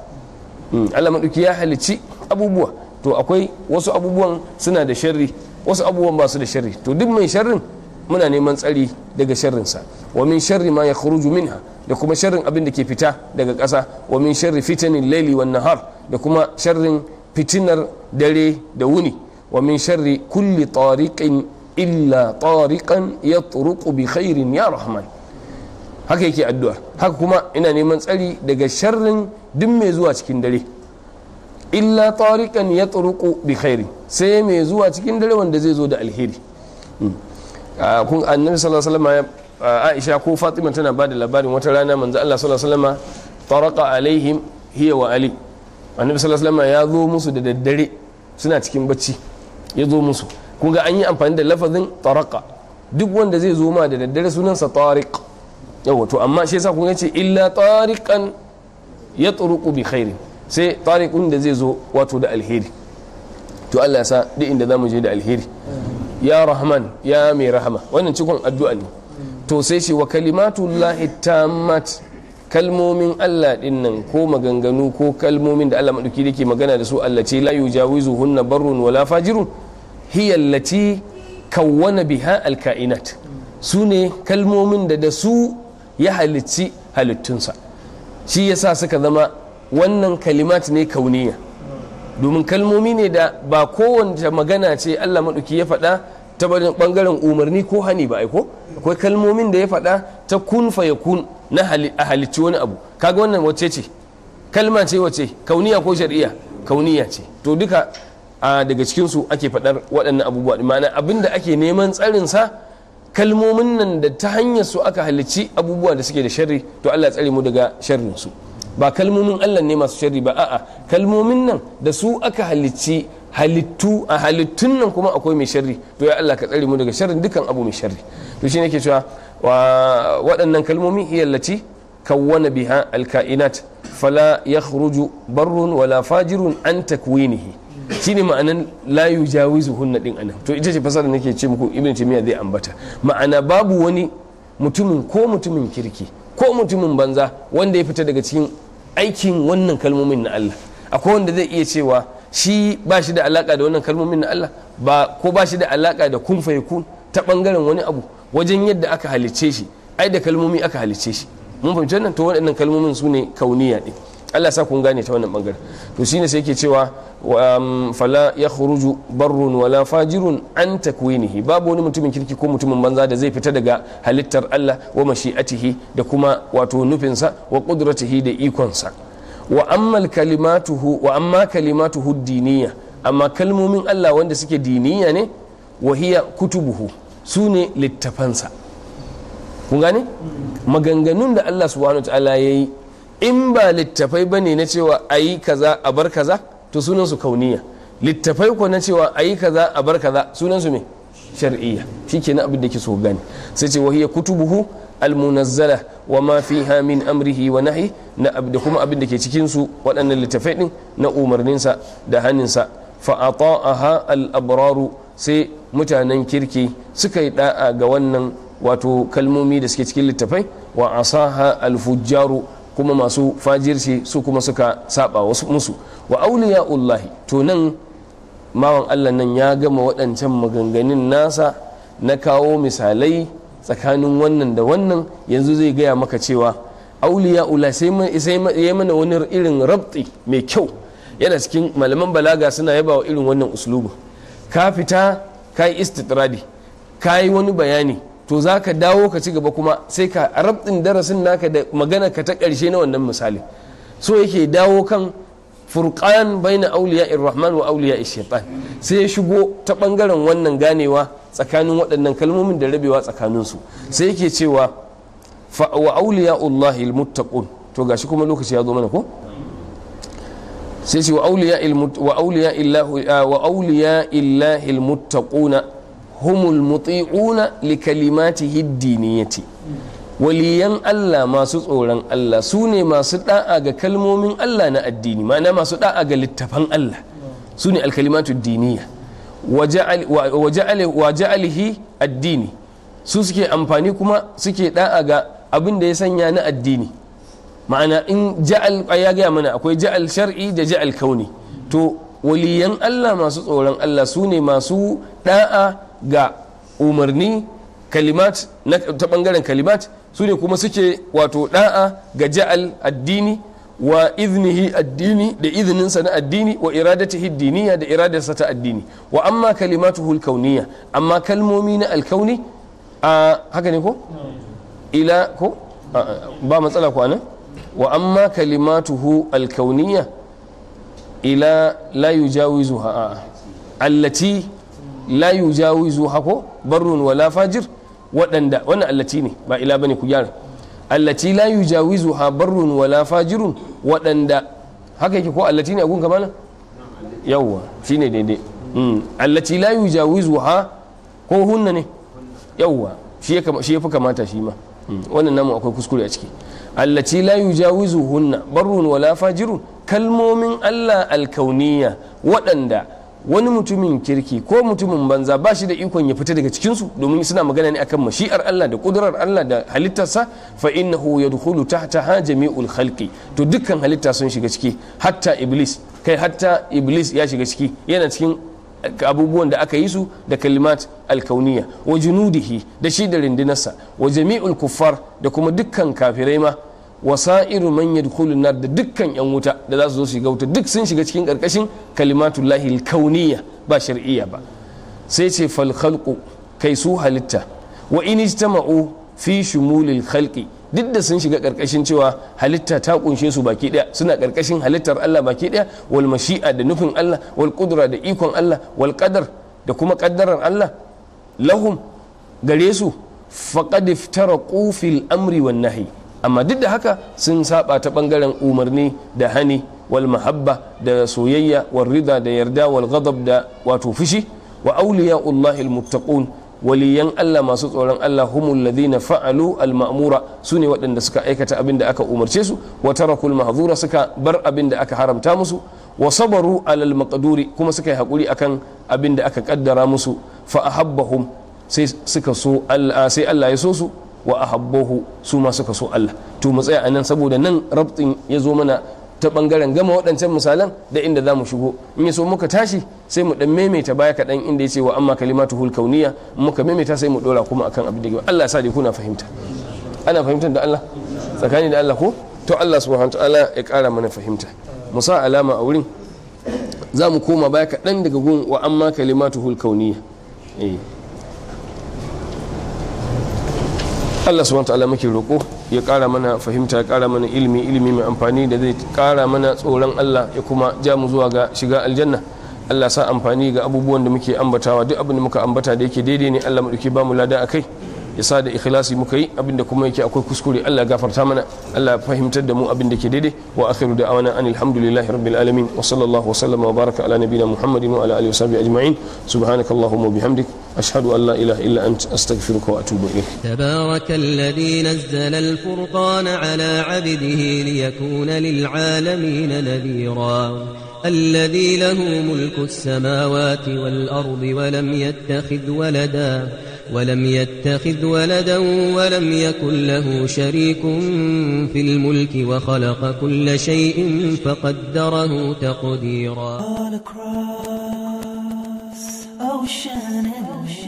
hmm, Allah maɗauki ya halicci abubuwa to akwai wasu abubuwan suna da sharri wasu abubuwan ba su da sharri to duk mai sharrin muna neman tsari daga sharrinsa wa min sharri ma yakhruju minha da kuma sharrin abin da ke fita daga ƙasa wa min sharri fitanin laili wan nahar da kuma sharrin fitinar dare da wuni wa min sharri kulli tariqin illa tariqan yatruqu bi khairin ya rahman haka yake addu'a haka kuma ina neman tsari daga sharrin duk mai zuwa cikin dare illa tariqan yatruqu bi khairin sai mai zuwa cikin dare wanda zai zo da alheri hmm. kun annabi sallallahu alaihi wasallam Aisha ko Fatima tana bada labarin wata rana manzo Allah sallallahu alaihi wasallam alaihim hiya wa Ali annabi sallallahu alaihi ya zo musu da daddare suna cikin bacci ya zo musu kun ga an yi amfani da lafazin faraka duk wanda zai zo ma da daddare sunansa tariq yawa to amma shi yasa kun ga ce illa tariqan yatruqu bi khairin sai tariqun da zai zo wato da alheri to Allah ya sa duk inda zamu je da alheri ya rahman ya mai rahama wannan cikon addu'a ne to sai ce wa kalimatullahi tammat kalmomin Allah din nan ko maganganu ko kalmomin da Allah maduki yake magana da su Allah ce la yujawizu hunna barrun wala fajirun hiya allati kawwana biha alkainat su ne kalmomin da da su ya halicci halittunsa shi yasa suka zama wannan kalimat ne kauniya domin kalmomi ne da ba kowace magana ce Allah maɗuki ya faɗa ta ɓangaren umarni ko hani ba aiko akwai kalmomin da ya faɗa ta kun kun na a halicci wani abu kaga wannan wacce ce kalma ce wace kauniya ko shari'a kauniya ce to duka a daga cikinsu ake faɗar waɗannan abubuwa ma'ana abin da ake neman tsarinsa kalmomin nan da ta hanyar su aka halicci abubuwa da suke da sharri to Allah tsare mu daga sharrin su ba kalmomin Allah ne masu sharri ba a'a kalmomin nan da su aka halicci halittu a halittun nan kuma akwai mai sharri to ya Allah ka tsare mu daga sharrin dukan abu mai sharri to shi nake cewa waɗannan kalmomi iyallaci kawwana biha alka'inat fala yakhruju barrun wala fajirun an takwinihi shine ma'anan la yujawizu hunna din anan to ita ce fasara nake ce muku ibn taymiya zai ambata ma'ana babu wani mutumin ko mutumin kirki ko mutumin banza wanda ya fita daga cikin aikin wannan kalmomin na Allah akwai wanda zai iya cewa shi ba shi da alaka da wannan kalmomin na Allah ba ko ba shi da alaka da kun ta bangaren wani abu wajen yadda aka halicce shi ai da kalmomi aka halicce shi mun fahimci wannan to waɗannan kalmomin su ne kauniya ɗin Allah sa kun gane ta wannan bangaren to shine sai yake cewa Um, fala ya khuruju barrun wala fajirun an takwinihi babu wani mutumin kirki ko mutumin banza da zai fita daga halittar Allah wa mashi'atihi da kuma wato nufinsa wa qudratihi da ikonsa wa amma kalimatuhu wa amma kalimatuhu diniya amma kalmomin Allah wanda suke diniya ne wa hiya kutubuhu su ne littafansa kun gane maganganun da Allah subhanahu wa ta'ala yayi in ba littafai bane na cewa ayi kaza a bar kaza to sunansu kauniya littafai ko na cewa ayi kaza a bar kaza sunansu me shar'iyya shikenan abin da ke so gani sai ce wahiya kutubuhu almunazzala wa ma fiha min amrihi wa nahi na da kuma abin da ke cikin su waɗannan littafai din na umarninsa da haninsa fa ata'aha al-abraru sai mutanen kirki suka yi da'a ga wannan wato kalmomi da suke cikin littafai wa asaha al-fujjaru kuma masu fajirci su kuma suka saba wasu musu wa ullahi to nan mawan Allah nan ya gama waɗancan maganganun nasa na kawo misalai tsakanin wannan da wannan yanzu zai gaya maka cewa Allah sai ya mana wani irin rabti mai kyau yana cikin malaman balaga suna yaba wa irin wannan uslubu ka fita ka yi istitradi ka yi wani bayani to za ka dawo ka ci gaba kuma sai ka rabdin darasin naka da magana ka ta ƙarshe na wannan misali so yake dawo kan furqan baina auliya irrahman wa auliya shaitan sai ya shigo ta bangaren wannan ganewa tsakanin waɗannan kalmomin da rabewa tsakanin su sai yake cewa fa wa auliya allahi almuttaqun to gashi kuma lokaci ya zo mana ko sai ce wa auliya wa auliya illahi wa auliya illahi almuttaquna humul muti'una li kalimatihi diniyati waliyan Allah masu tsoron Allah su ne masu da'a ga kalmomin Allah na addini ma'ana masu da'a ga littafan Allah su ne alkalimatu diniya wa ja'alihi addini suke amfani kuma suke ɗa'a ga abinda ya sanya na addini ma'ana in ja'al ya gaya mana akwai ja'al shar'i da ja'al kauni to waliyan Allah masu tsoron Allah sune masu ɗa'a. ga umarni kalimat na ta bangaren kalimat su ne kuma suke wato da'a ga ja'al addini wa iznihi addini da izininsa na addini wa iradata hiddiniya da iradarsa ta addini wa amma kalimatu hulkauniya. amma kalmomi na alkauni a haka ne ko ila ko ba matsala ko wa amma kalimatuhu alkauniya ila la ha'a allati la yujawizu hako barrun wala fajir waɗanda wannan allaci ne ba ila bane ku gyara allaci la yujawizu ha barrun wala fajirun waɗanda haka yake ko allaci ne a gun kamar yawwa shine daidai hmm, allaci la yujawizu ha ko hunna ne yawwa shi ya fi kamata shi ma hmm, wannan namu akwai kuskure a ciki allaci la yujawizu hunna barrun wala fajirun kalmomin Allah alkauniya waɗanda wani mutumin kirki ko mutumin banza ba shi da ikon ya fita daga cikinsu domin suna magana ne akan mashi'ar Allah da kudurar Allah da halittarsa fa innahu yadkhulu tahta ha jami'ul khalqi to dukkan halitta sun shiga ciki hatta iblis kai hatta iblis ya shiga ciki yana cikin abubuwan da aka yi su da kalimat alkauniya wa junudihi da shi da rindinarsa wa jami'ul kuffar da kuma dukkan kafirai ma wasa'iru man yadkhulu nar da dukkan yan wuta da za su zo su shiga wuta duk sun shiga cikin karkashin kalimatullahi kauniyya ba shar'iyya ba sai ce fal khalqu kai su halitta wa in ijtama'u fi shumulil khalqi duk da sun shiga karkashin cewa halitta ta kunshe su baki daya suna karkashin halittar Allah baki daya wal mashi'a da nufin Allah wal qudra da ikon Allah wal qadar da kuma kaddarar Allah lahum gare su faqad iftaraqu fil amri wan nahyi amma duk da haka sun saba ta bangaren umarni da hani wal mahabba da soyayya wal rida da yarda wal ghadab da wato fushi wa awliya'ullahi al muttaqun waliyan Allah masu tsoron Allah humul ladina fa'alu al ma'mura sune waɗanda suka aikata abin da aka umarce su wa tarakul mahzura suka bar abin da aka haramta musu wa sabaru alal maqduri kuma suka yi hakuri akan abin da aka kaddara musu fa ahabbahum sai suka so Allah sai Allah ya so su wa ahabbahu su ma suka so Allah to mu tsaya anan saboda nan rabtin ya zo mana ta bangaren gama waɗancan misalan da inda za mu shigo in ya so muka tashi sai mu dan maimaita baya kaɗan inda ya ce wa amma kalimatu hul kauniya muka maimaita sai mu ɗora kuma akan abin da Allah sa kuna fahimta ana fahimtar da Allah tsakani da Allah ko to Allah subhanahu ta'ala ya ƙara mana fahimta mu sa alama a wurin za mu koma baya kaɗan daga gun wa amma kalimatu hul kauniya eh Allah subhanahu ta'ala muke roƙo ya ƙara mana fahimta ya ƙara mana ilimi ilimi mai amfani da zai ƙara mana tsoron Allah ya kuma ja mu zuwa ga shiga aljanna Allah sa amfani ga abubuwan da muke ambatawa duk abin da muka ambata da yake daidai ne Allah mu dauke ba mu lada akai ya sa da ikhlasi muka yi abinda kuma yake akwai kuskure Allah gafarta mana Allah fahimtar da mu abinda ke daidai wa akhiru da awana anil hamdulillahi rabbil alamin wa sallallahu wa sallama wa baraka ala nabiyina muhammadin wa ala alihi wa sahbihi ajma'in subhanakallahumma wa bihamdik ashhadu an la ilaha illa anta astaghfiruka wa atubu ilayk tabarakallazi nazzala al-furqan ala 'abdihi liyakuna lil 'alamin nadhira الذي له ملك السماوات والأرض ولم يتخذ ولداً ولم يتخذ ولدا ولم يكن له شريك في الملك وخلق كل شيء فقدره تقديرا All across